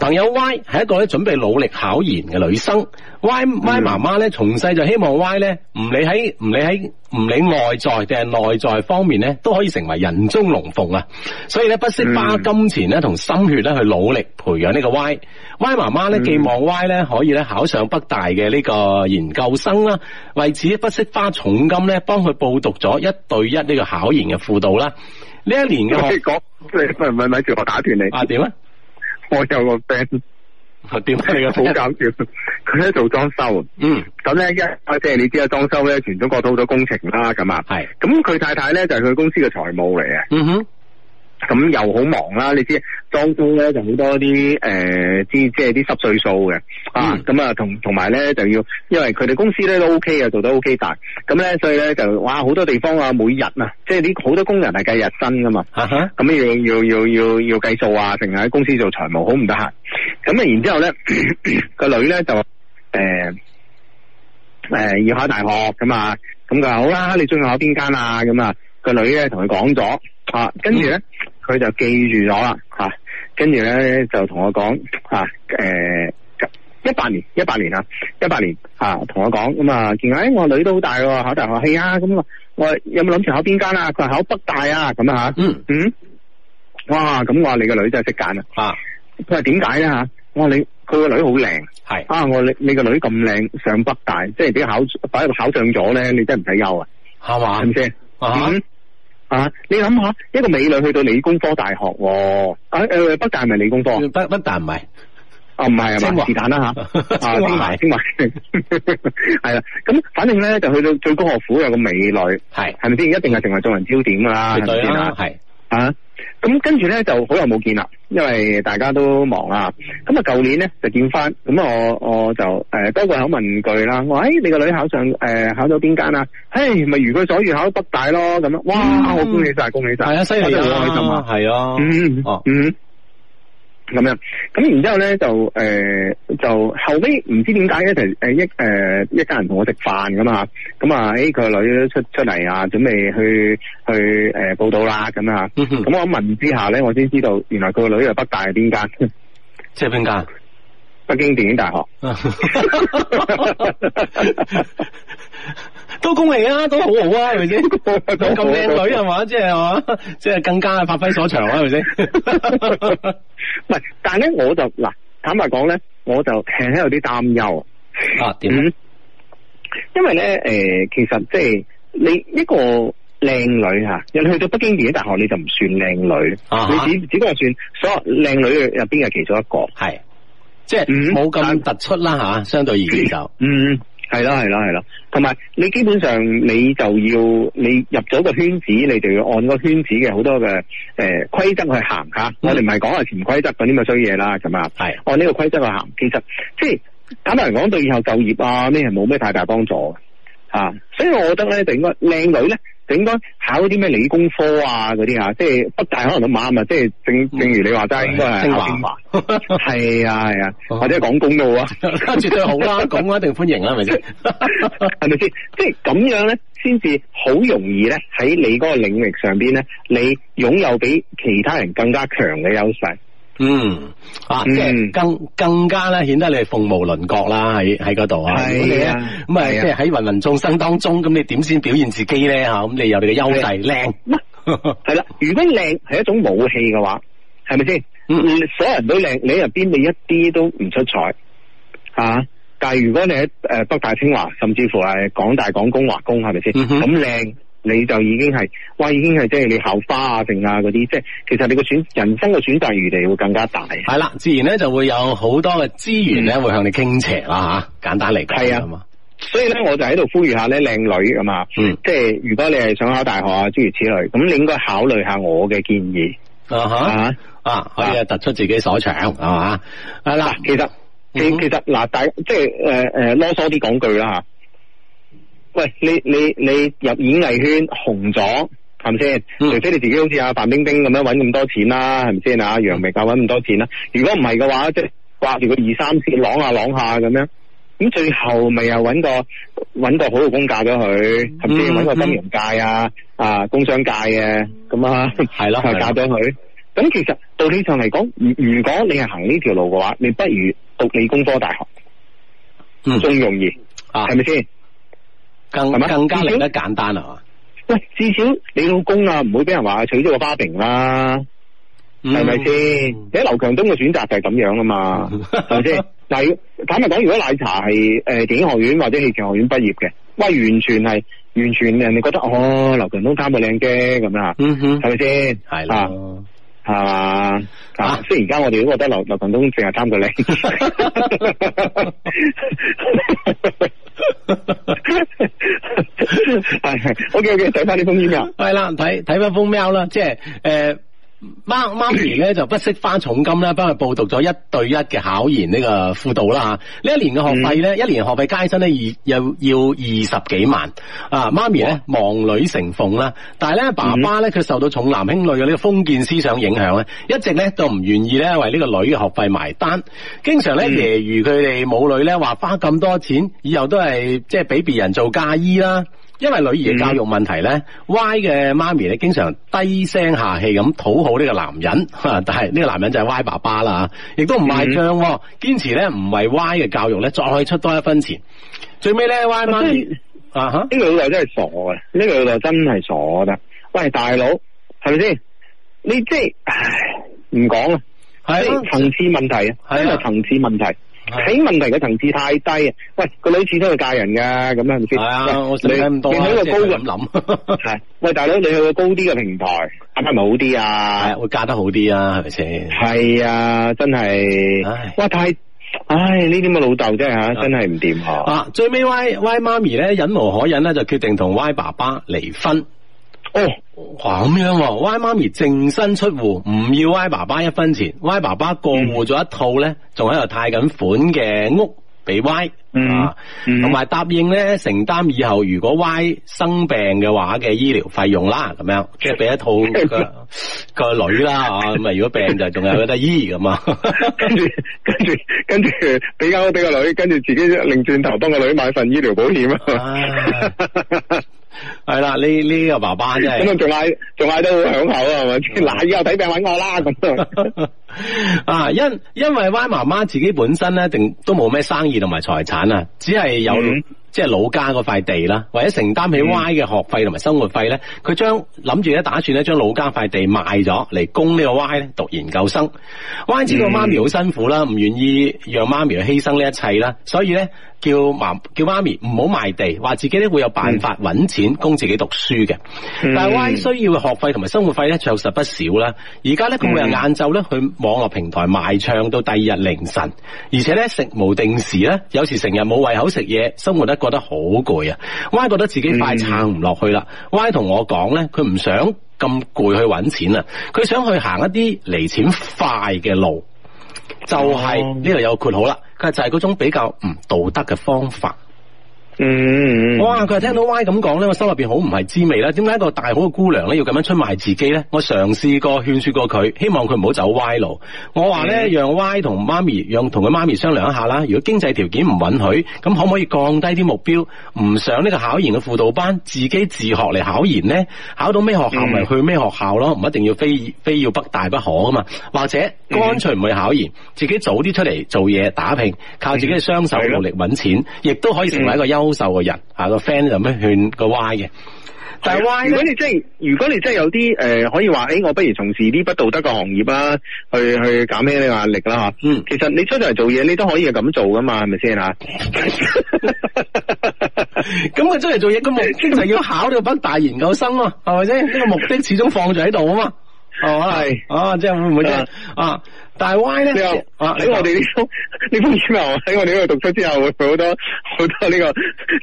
Speaker 1: 朋友 Y 係一個咧準備努力考研嘅女生。Y Y 媽媽咧，從細就希望 Y 咧，唔理喺唔理喺唔理外在定係內在方面咧，都可以成為人中龍鳳啊！所以咧，不惜花金錢咧同心血咧去努力培養呢個 Y、mm.。Y 媽媽咧寄望 Y 咧可以咧考上北大嘅呢個研究生啦，為此不惜花重金咧幫佢報讀咗一對一呢個考研嘅輔導啦。呢一年嘅可以講，咪咪咪住我打斷你啊？點啊？我有個病。點真係好搞
Speaker 3: 笑，佢喺度裝修，嗯，咁咧一即係你知啊，裝修咧全中國都好多工程啦，咁啊，係，咁佢太太咧就係佢公司嘅財務嚟嘅，嗯哼。咁又好忙啦，你知裝修咧就好多啲誒，啲、呃、即係啲濕碎數嘅啊，咁啊同同埋咧就要，因為佢哋公司咧都 O K 啊，做得 O K 大，咁咧所以咧就哇好多地方啊，每日啊，即係啲好多工人係計日薪噶嘛，咁、啊、要要要要要計數啊，成日喺公司做財務好唔得閒，咁啊然之後咧個、嗯、女咧就誒誒、呃呃呃、要考大學咁啊，咁佢話好啦，你中意考邊間啊？咁啊個女咧同佢講咗啊，跟住咧。佢就記住咗啦，吓、啊啊呃啊，跟住咧就同我講，吓，誒，一八年，一八年啊，一八年同我講，咁啊，見我女都好大喎，考大學，係啊，咁啊，我有冇諗住考邊間啊？佢話考北大啊，咁吓，嗯，嗯，哇，咁我話你個女真係識揀啊，佢話點解咧吓？我話你，佢個女好靚，係，啊，我你你個女咁靚，上北大，即係俾考，擺度考上咗咧，你真係唔使憂啊，係、嗯、嘛，係咪先？啊！你諗下，一個美女去到理工科大學，誒、啊、誒、呃，北大係咪理工科？北北大唔係，啊唔係啊，是但啦吓，清華，清華係啦。咁反正咧，就去到最高學府有個美女，係係咪先？一定係成為眾人焦點噶啦，係咪先係啊。咁跟住咧就好耐冇見啦，因為大家都忙啦。咁啊，舊年咧就見翻，咁我我就誒、呃、多換口問句啦，喂話、哎：，你個女考上誒、呃、考到邊間啊？嘿、哎，咪如佢所願考北大咯，咁啊，哇，我恭喜晒！恭喜晒！係、嗯、啊，所以我都好開心啊，係、
Speaker 4: 嗯、啊！」嗯，嗯。
Speaker 3: 咁樣，咁然之後咧就誒，就、呃、就後尾唔知點解一齊誒一誒、呃、一家人同我食飯㗎嘛。咁啊，誒佢個女都出出嚟啊，準備去去誒、呃、報到啦。咁啊，咁、嗯、我一問之下咧，我先知道原來佢個女喺北大係邊間？
Speaker 1: 即係邊間？北京電影大學， [laughs] 都恭喜啊，都好好啊，係咪先咁靚女，係嘛，即係係嘛，即
Speaker 4: 係、
Speaker 1: 就是、更加發揮所長啊，係咪先？
Speaker 3: 唔係，但係咧，我就嗱，坦白講咧，我就輕輕有啲擔憂啊，點、嗯？因為咧，誒、呃，其實即、就、係、是、你一個靚女吓，人去到北京電影大學，你就唔算靚女、啊，你只只不過算所有靚女入邊嘅其中一個，係。即係冇咁突出啦吓、啊，相對而言就嗯係啦係啦係啦，同埋你基本上你就要你入咗個圈子，你就要按個圈子嘅好多嘅誒規則去行吓、嗯。我哋唔係講係潛規則嗰啲咁嘅衰嘢啦，咁啊係按呢個規則去行。其實即係簡單嚟講，對以後就業啊呢係冇咩太大幫助、啊、所以我覺得咧，就應該靚女咧。就應該考啲咩理工科啊，嗰啲啊，即係北大可能都啱啊，即、嗯、係正正如你話齋、嗯，應該係清華，係啊係 [laughs] 啊，啊，或者係公工啊，咁絕對好啦，咁我一定歡迎啦，係咪先？係咪先？即係咁樣咧，先至好容易咧，喺你嗰個領域上邊咧，你擁有比其他人更加強嘅優
Speaker 1: 勢。嗯，啊，即係更更加咧，顯得你係鳳毛麟角啦，喺喺嗰度啊，係啊，咁啊，即係喺芸芸眾生當中，咁你點先表現自己咧？吓，咁你有你嘅優勢，靚，係啦。如果靚係一種武器嘅話，係咪
Speaker 3: 先？嗯，所有人都靚，你入邊你一啲都唔出彩，吓。但係如果你喺誒北大清華，甚至乎係港大港工華工，係咪先？咁靚。你就已經係哇，已經係即係你校花啊定啊嗰啲，即係其實你個選人生嘅選擇餘地會更加大。
Speaker 1: 係啦，自然咧就會有好多嘅資源咧會向你傾斜啦吓、嗯，簡單嚟講係啊。
Speaker 3: 所以咧我就喺度呼籲下咧，靚女咁嘛，即係如果你係想考大學啊諸如此類，咁你應該考慮下我嘅建議
Speaker 4: 啊吓啊，啊，可以
Speaker 3: 突出自己所長係嘛。啊嗱，其實其、嗯、其實嗱、呃、大即係誒誒囉嗦啲講句啦吓。喂，你你你入演藝圈紅咗係咪先？嗯、除非你自己好似阿范冰冰咁樣搵咁多錢啦，係咪先啊？楊明又搵咁多錢啦？如果唔係嘅話，即係掛住個二三線，朗下朗下咁樣，咁最後咪又搵個搵個好老公嫁咗佢，係咪先？搵、嗯、個金融界啊啊工商界嘅咁啊，係咯、啊嗯，嫁咗佢。咁其實道理上嚟講，如果你係行呢條路嘅話，你不如讀理工科大學，仲容易係咪先？更加嚟得簡單啊！喂，至少你老公啊，唔會俾人話娶咗個花瓶啦，係咪先？而劉強東嘅選擇就係咁樣啊嘛，係咪先？是是 [laughs] 但係坦白講，如果奶茶係誒電影學院或者戲劇學院畢業嘅，喂，完全係完全是人哋覺得、嗯、哦，劉強東貪過靚機咁啊，嗯哼，係咪先？係係嘛吓，雖然而家我哋都覺得劉劉群東淨係貪佢利，
Speaker 1: 係係，OK OK，睇翻啲封 mail 啦，係啦，睇睇翻封 mail 啦，即係誒。呃媽媽咪咧就不惜花重金咧，幫佢報讀咗一對一嘅考研呢個輔導啦吓。呢一年嘅學費咧、嗯，一年學費加起身咧二要要二十幾萬啊！媽咪咧望女成鳳啦，但係咧爸爸咧佢受到重男輕女嘅呢個封建思想影響咧、嗯，一直咧都唔願意咧為呢個女嘅學費埋單，經常咧揶揄佢哋母女咧話花咁多錢以後都係即係俾別人做嫁衣啦。因為女兒嘅教育問題咧、嗯、Y 嘅媽咪咧經常低聲下氣咁討好呢個男人，但係呢個男人就係 Y 爸爸啦，亦都唔賣賬，堅、嗯、持咧唔係 Y 嘅教育咧再可以出多一分錢。最尾咧 Y 媽咪啊呢、呢個老友真係傻嘅，呢、呢個老友真係傻得，喂大佬係咪先？你即係唔講
Speaker 3: 啊，係層次問題啊，真係層次問題。睇、啊、問題嘅層次太低是是啊！喂，個女始終要嫁人噶，咁係咪先？係啊，你喺個高嘅諗，係
Speaker 1: 喂大佬，你去個高啲嘅平台，係咪咪好啲啊，啊？會嫁得好啲啊？係咪先？係啊，真係，哇太唉呢啲嘅老豆真係吓，真係唔掂啊！最尾 Y Y 媽咪咧忍無可忍咧，就決定同 Y 爸爸離婚。哦，咁、哦、樣、啊、，Y 媽咪淨身出戶，唔要 Y 爸爸一分錢，Y 爸爸過戶咗一套咧、嗯，仲喺度貸緊款嘅屋俾 Y，啊，同埋答應咧承擔以後如果 Y 生病嘅話嘅醫療費用啦，咁樣即係俾一套個個 [laughs] 女啦，咁啊如果病就仲有得醫咁啊，
Speaker 3: 跟住跟住跟住俾間屋俾個女，跟住自己擰轉頭幫個女買份醫療保險啊。係啦，呢呢個
Speaker 1: 爸爸真係咁啊！仲嗌，
Speaker 3: 仲嗌得好響口
Speaker 1: 啊，係咪？嗱，以後睇病搵我啦咁啊！因因為歪媽媽自己本身咧，定都冇咩生意同埋財產啊，只係有即係老家個塊地啦，或者承擔起歪嘅學費同埋生活費咧，佢將諗住咧打算咧將老家塊地賣咗嚟供呢個歪咧讀研究生。歪知道媽咪好辛苦啦，唔願意讓媽咪去犧牲呢一切啦，所以咧。叫媽叫媽咪唔好賣地，話自己咧會有辦法揾錢供自己讀書嘅，嗯。但係 Y 需要嘅學費同埋生活費咧確實不少啦。而家咧佢每日晏晝咧去網絡平台賣唱到第二日凌晨，而且咧食無定時啦，有時成日冇胃口食嘢，生活得覺得好攰啊。Y、嗯，覺得自己快撐唔落去啦，嗯。Y 同我講咧，佢唔想咁攰去揾錢啦，佢想去行一啲嚟錢快嘅路，就係呢度有括號啦。佢就係、是、嗰種比較唔道德嘅方法。嗯，哇、嗯！佢係聽到 Y 咁講咧，我心入邊好唔係滋味啦。點解一個大好嘅姑娘咧要咁樣出賣自己咧？我嘗試過勸說過佢，希望佢唔好走歪路。我話咧、嗯，讓 Y 同媽咪，讓同佢媽咪商量一下啦。如果經濟條件唔允許，咁可唔可以降低啲目標，唔上呢個考研嘅輔導班，自己自學嚟考研咧？考到咩學校咪去咩學校咯？唔、嗯、一定要非非要北大不可啊嘛。或者乾脆唔去考研，嗯、自己早啲出嚟做嘢打拼，靠自己嘅雙手努力揾錢，亦、嗯、都可以成為一個優。嗯高手嘅人吓個 friend 就咩勸個 Y 嘅，就係 Y 如果你即係如果你真係有啲誒、呃、可以話誒、欸、我不如從事呢不道德嘅行業啦，去
Speaker 3: 去減輕呢個壓力啦吓、嗯，其實你出嚟做嘢你都可以咁做噶嘛係咪先吓？
Speaker 1: 咁佢 [laughs] 出嚟做嘢個目的就係要考到個北大研究生啊，係咪先？呢個目的始終放咗喺度啊嘛，係咪即係會唔會即啊？就是 [laughs] 但係 Y 咧，你話喺我哋呢封呢封書啊，喺我哋呢度讀出之後，會好多
Speaker 3: 好多呢、這個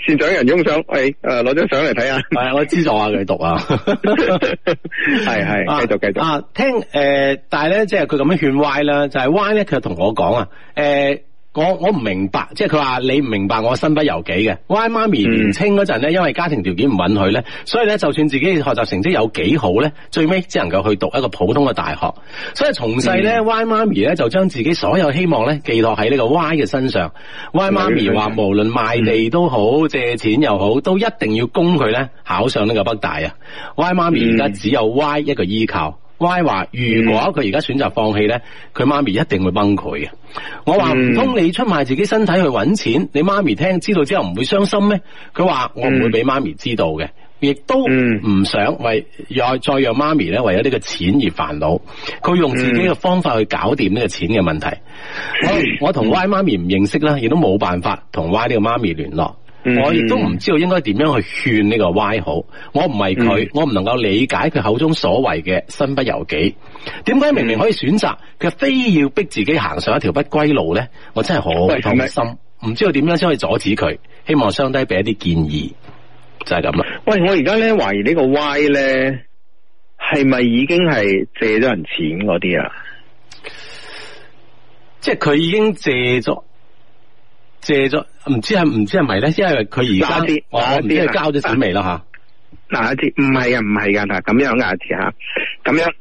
Speaker 3: 善長仁翁上，誒、哎，誒攞張相嚟睇下。係啊，我資助下佢讀啊，
Speaker 1: 係 [laughs] 係，繼續繼續。啊，啊聽誒、呃，但係咧，即係佢咁樣勸 Y 啦，就係 Y 咧，佢就同我講啊，誒。我我唔明白，即係佢話，你唔明白我身不由己嘅。Mm. Y 媽咪年青嗰陣咧，因為家庭條件唔允許咧，所以咧就算自己學習成績有幾好咧，最尾只能夠去讀一個普通嘅大學。所以從細咧、mm.，Y 媽咪咧就將自己所有希望咧寄託喺呢個 Y 嘅身上。Y 媽咪話無論賣地都好，mm. 借錢又好，都一定要供佢咧考上呢個北大啊。Y 媽咪而家只有 Y 一個依靠。Y 話如果佢而家選擇放棄呢，佢、嗯、媽咪一定會崩潰嘅。我話唔通你出賣自己身體去揾錢，你媽咪聽知道之後唔會傷心咩？佢話我唔會俾媽咪知道嘅、嗯，亦都唔想為再讓讓媽咪咧為咗呢個錢而煩惱。佢用自己嘅方法去搞掂呢個錢嘅問題。我我同 Y 媽咪唔認識啦，亦都冇辦法同 Y 呢個媽咪聯絡。我亦都唔知道應該點樣去勸呢個 Y 好，我唔係佢，我唔能夠理解佢口中所謂嘅身不由己。點解明明可以選擇，佢非要逼自己行上一條不歸路呢？我真係好痛心，唔知道點樣先可以阻止佢。希望雙低俾一啲建議，就係咁啦。喂，我而家咧懷疑呢個 Y
Speaker 3: 咧係咪已經係借咗人錢嗰啲啊？
Speaker 1: 即係佢已經借咗。借咗唔知係唔知係咪咧？因為佢而家我唔知交咗晒未啦吓。嗱一次，唔係啊，唔係噶，
Speaker 3: 嗱咁樣噶一次吓，
Speaker 1: 咁樣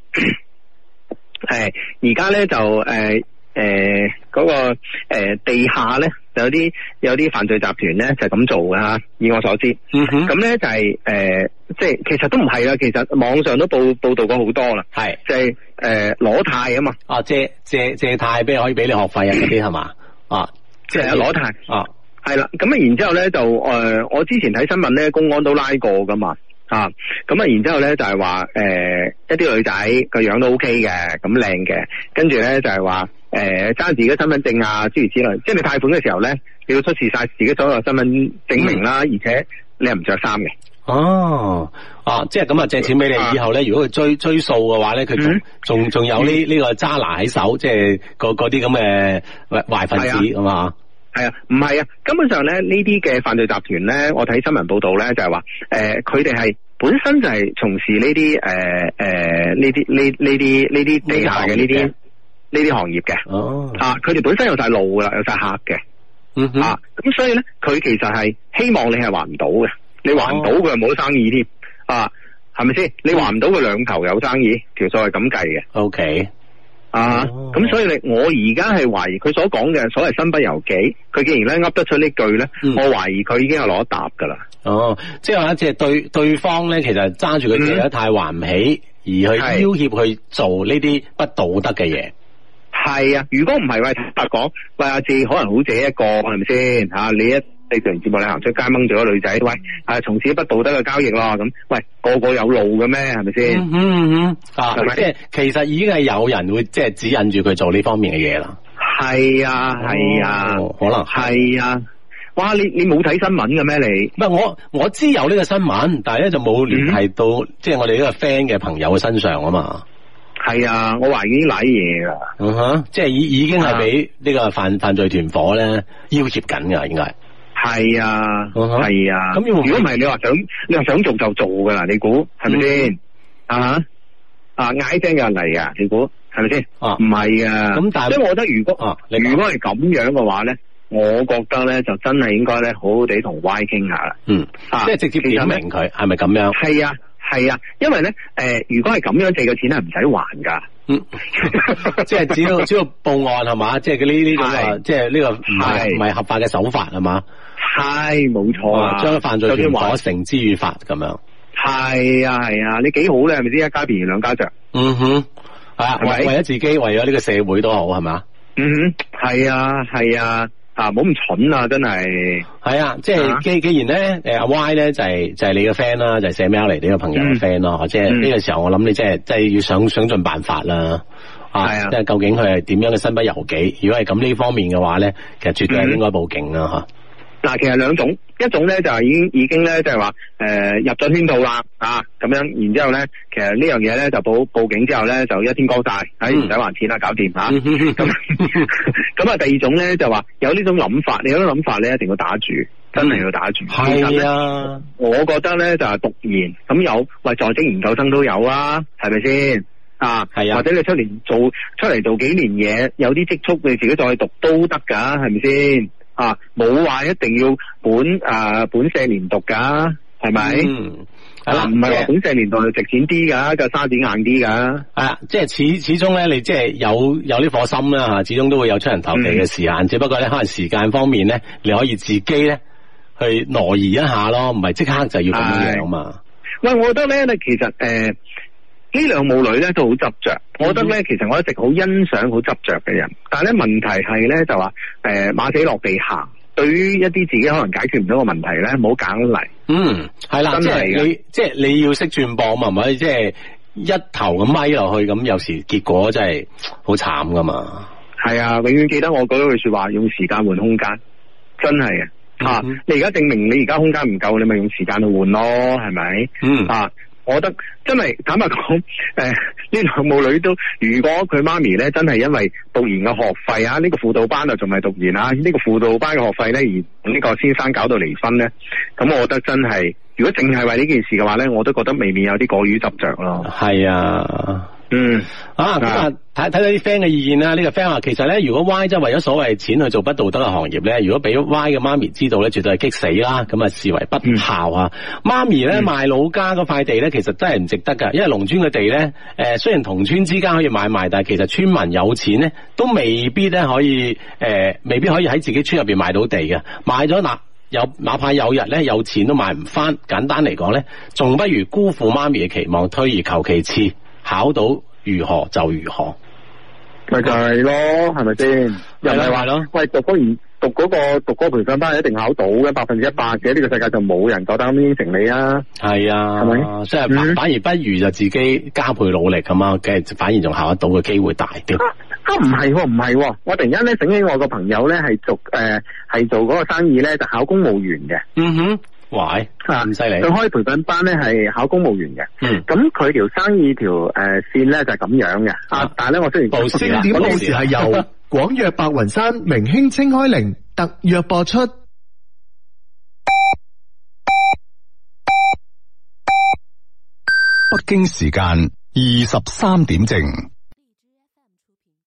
Speaker 1: 係而家咧
Speaker 3: 就誒誒嗰個誒、呃、地下咧就有啲有啲犯罪集團咧就咁做噶吓，以我所知。咁、嗯、咧就係誒即係其實都唔係啦，其實網上都報報道過好多啦。係即係誒攞貸啊嘛。
Speaker 1: 啊借借借貸俾可以俾你學費啊嗰啲係嘛啊。即係攞貸啊係啦。
Speaker 3: 咁啊，然之後咧就誒、呃，我之前睇新聞咧，公安都拉過噶嘛啊。咁啊，然之後咧就係話誒，一啲女仔個樣都 OK 嘅，咁靚嘅。跟住咧就係話誒，攢、呃、自己身份證啊諸如此類。即係你貸款嘅時候咧，你要出示曬自己
Speaker 1: 所有身份證明啦、嗯，而且你係唔著衫嘅。哦，啊，即係咁啊！借錢俾你以後咧、啊，如果佢追追數嘅話咧，佢仲仲仲有呢、這、呢個揸、這個、拿喺手，即係嗰啲咁嘅壞壞分子啊嘛。係啊，唔係啊,啊，根本上
Speaker 3: 咧呢啲嘅犯罪集團咧，我睇新聞報道咧就係話，誒、呃，佢哋係本身就係從事呢啲誒誒呢啲呢呢啲呢啲地下嘅呢啲呢啲行業嘅。哦，啊，佢哋本身有晒路噶啦，有晒客嘅。
Speaker 4: 嗯，啊，咁所以咧，
Speaker 3: 佢其實係希望你係還唔到嘅。你還唔到佢冇生意添，啊，係咪先？你還唔到佢兩頭有生意，條數係咁計嘅。O K，啊，咁、okay. 啊 oh. 嗯、所以你我而家係懷疑佢所講嘅所謂身不由己，佢既然咧噏得出呢句咧
Speaker 1: ，mm. 我懷疑佢已經有攞答噶啦。哦、oh,，即係話即係對對方咧，其實揸住佢自己太還唔起，mm. 而去要挾去做呢啲不道德嘅嘢。
Speaker 3: 係啊，如果唔係喂，白講喂，阿、啊、志可能好借一個係咪先？吓，你一。你做完節目，你行出街掹咗個女仔，喂，啊，從此不道德嘅交易咯，咁，喂，個個有
Speaker 1: 路嘅咩？係咪先？嗯嗯嗯，啊、嗯嗯，即係其實已經係有人會即係指引住佢做呢方面嘅嘢啦。係啊係啊，可能係啊，哇！你你冇睇新聞嘅咩？你唔係我我知有呢個新聞，但係咧就冇聯繫到、嗯、即係我哋呢個 friend 嘅朋友嘅身上啊嘛。係啊，我懷疑啲歹嘢啊。哼、嗯，即係已已經係俾呢個犯犯罪團伙咧要挾緊嘅，應該。係啊，係啊。咁、uh-huh. 如果唔係，你話想你話想做就做
Speaker 3: 噶啦。你估係咪先啊？啊嗌聲有嚟啊！你估係咪先？唔係、uh-huh. 啊。咁、嗯、但係，所以我覺得如果啊，如果係咁樣嘅話咧，我覺得咧就真係應該咧好好地同 Y 傾下啦。嗯，啊、即係直接說明佢係咪咁樣？係啊，係啊。因為咧，誒、呃，如果係咁樣借嘅、這個、錢係唔使還噶。嗯， [laughs] 即係
Speaker 1: 只要只要報案係嘛， [laughs] 即係呢種即係呢個唔係唔係合法嘅手法係嘛？
Speaker 3: 係冇錯，將、啊、犯罪團伙
Speaker 1: 繩之以法咁樣。係啊，
Speaker 3: 係啊，你幾好咧？係咪先，一家便宜兩家着？
Speaker 1: 嗯哼，係啊，為為咗自己，為咗呢個社會都好，係嘛？嗯哼，係啊，係啊，啊冇咁蠢啊，真係。係啊，啊，即係既既然咧誒，阿、啊、Y 咧就係就係你嘅 friend 啦，就寫 mail 嚟，呢個朋友嘅 friend 啦，即係呢、嗯這個時候我諗你即係即係要想想盡辦法啦，係、嗯、係啊，啊，即係究竟佢係點樣嘅身不由己？如果係咁呢方面嘅話咧，其實絕對係應該報警啦，吓、嗯。啊嗱，其實兩種，一種咧，就係已經已經咧，就係、是、話，誒、呃、入咗圈套啦，啊咁樣，
Speaker 3: 然之後咧，其實呢樣嘢，咧,就報報警之後咧就一天光晒、嗯，唉唔使還錢啦，搞掂吓，咁咁啊、嗯、 [laughs] 第二種咧,就話、是、有呢種諗法，你嗰種諗法你一定要打住，真係要打住。係、嗯、啊，我覺得咧就係讀研，咁有喂在職研究生都有啊，係咪先啊？係啊，或者你出嚟做出嚟做幾年嘢，有啲積蓄你自己再去讀都得噶，係咪先？啊，冇話一定要本誒、啊、本社年讀噶，係咪？嗯，
Speaker 4: 係啦，唔係話本社年
Speaker 3: 讀就值錢啲噶，就是、沙啲硬啲噶。係
Speaker 1: 啦，即係始始終咧，你即係有有呢顆心啦吓，始終都會有出人頭地嘅時間、嗯，只不過咧可能時間方面咧，你可以自己咧去挪移一下咯，唔係即刻就要咁樣樣嘛。
Speaker 4: 喂、啊，我覺得咧，你
Speaker 3: 其實誒。呃呢兩母女咧都好執着，我覺得咧其實我一直好欣賞好執着嘅人，但係咧問題係咧就話誒馬死落地行，對於一啲自己可能解決唔到嘅問題咧，唔好揀嚟。嗯，
Speaker 1: 係啦，即係你,你即係你要識轉棒嘛，係咪？即係一頭咁咪落去，咁有時結果真係好慘噶嘛。
Speaker 3: 係啊，永遠記得我嗰句說話，用時間換空間，真係啊、嗯嗯！你而家證明你而家空間唔夠，你咪用時間去換咯，係咪？嗯啊。我覺得真係，坦白講，誒，呢兩母女都，如果佢媽咪咧真係因為讀完嘅學費啊，呢個輔導班啊仲未讀完啊，呢個輔導班嘅學費咧而呢個先生搞到離婚咧，咁我覺得真係如果淨係為呢件事嘅話咧，我都覺得未免有啲
Speaker 1: 過於執着咯。係啊。嗯啊咁啊睇睇到啲 friend 嘅意見啦，呢個 friend 話其實咧，如果 Y 真係為咗所謂錢去做不道德嘅行業咧，如果俾 Y 嘅媽咪知道咧，絕對係激死啦，咁啊視為不孝啊。媽咪咧賣老家嗰塊地咧，其實真係唔值得噶，因為農村嘅地咧，誒雖然同村之間可以買賣，但係其實村民有錢咧都未必咧可以誒、呃，未必可以喺自己村入邊買到地嘅。買咗嗱，有哪怕有日咧有錢都買唔翻，簡單嚟講咧，仲不如辜負媽咪嘅期望，推而求其次。考到如何就如何，咪就係咯，係咪先？又咪話咯？喂，讀公務員讀嗰個讀嗰個培訓班係一定考到
Speaker 3: 嘅，百分之一百嘅呢個世界就冇人夠膽咁應承你啊！
Speaker 1: 係啊，係咪？所以反，反而不如就自己加倍努力咁啊，梗、嗯、係反而仲考得到嘅機會大啲。都唔係，唔、啊、係，我突然間咧醒起
Speaker 3: 我個朋友咧係做誒係、呃、做嗰個生意咧就考公務員嘅。嗯哼。喂，咁犀利！佢、啊、開培訓班咧，係考公務員嘅。嗯，咁佢條生意條誒線咧就係咁樣嘅。啊，但係咧我雖然，五點報時係由廣藥白雲山、明興清開靈特約播出。北京時間二十三點正。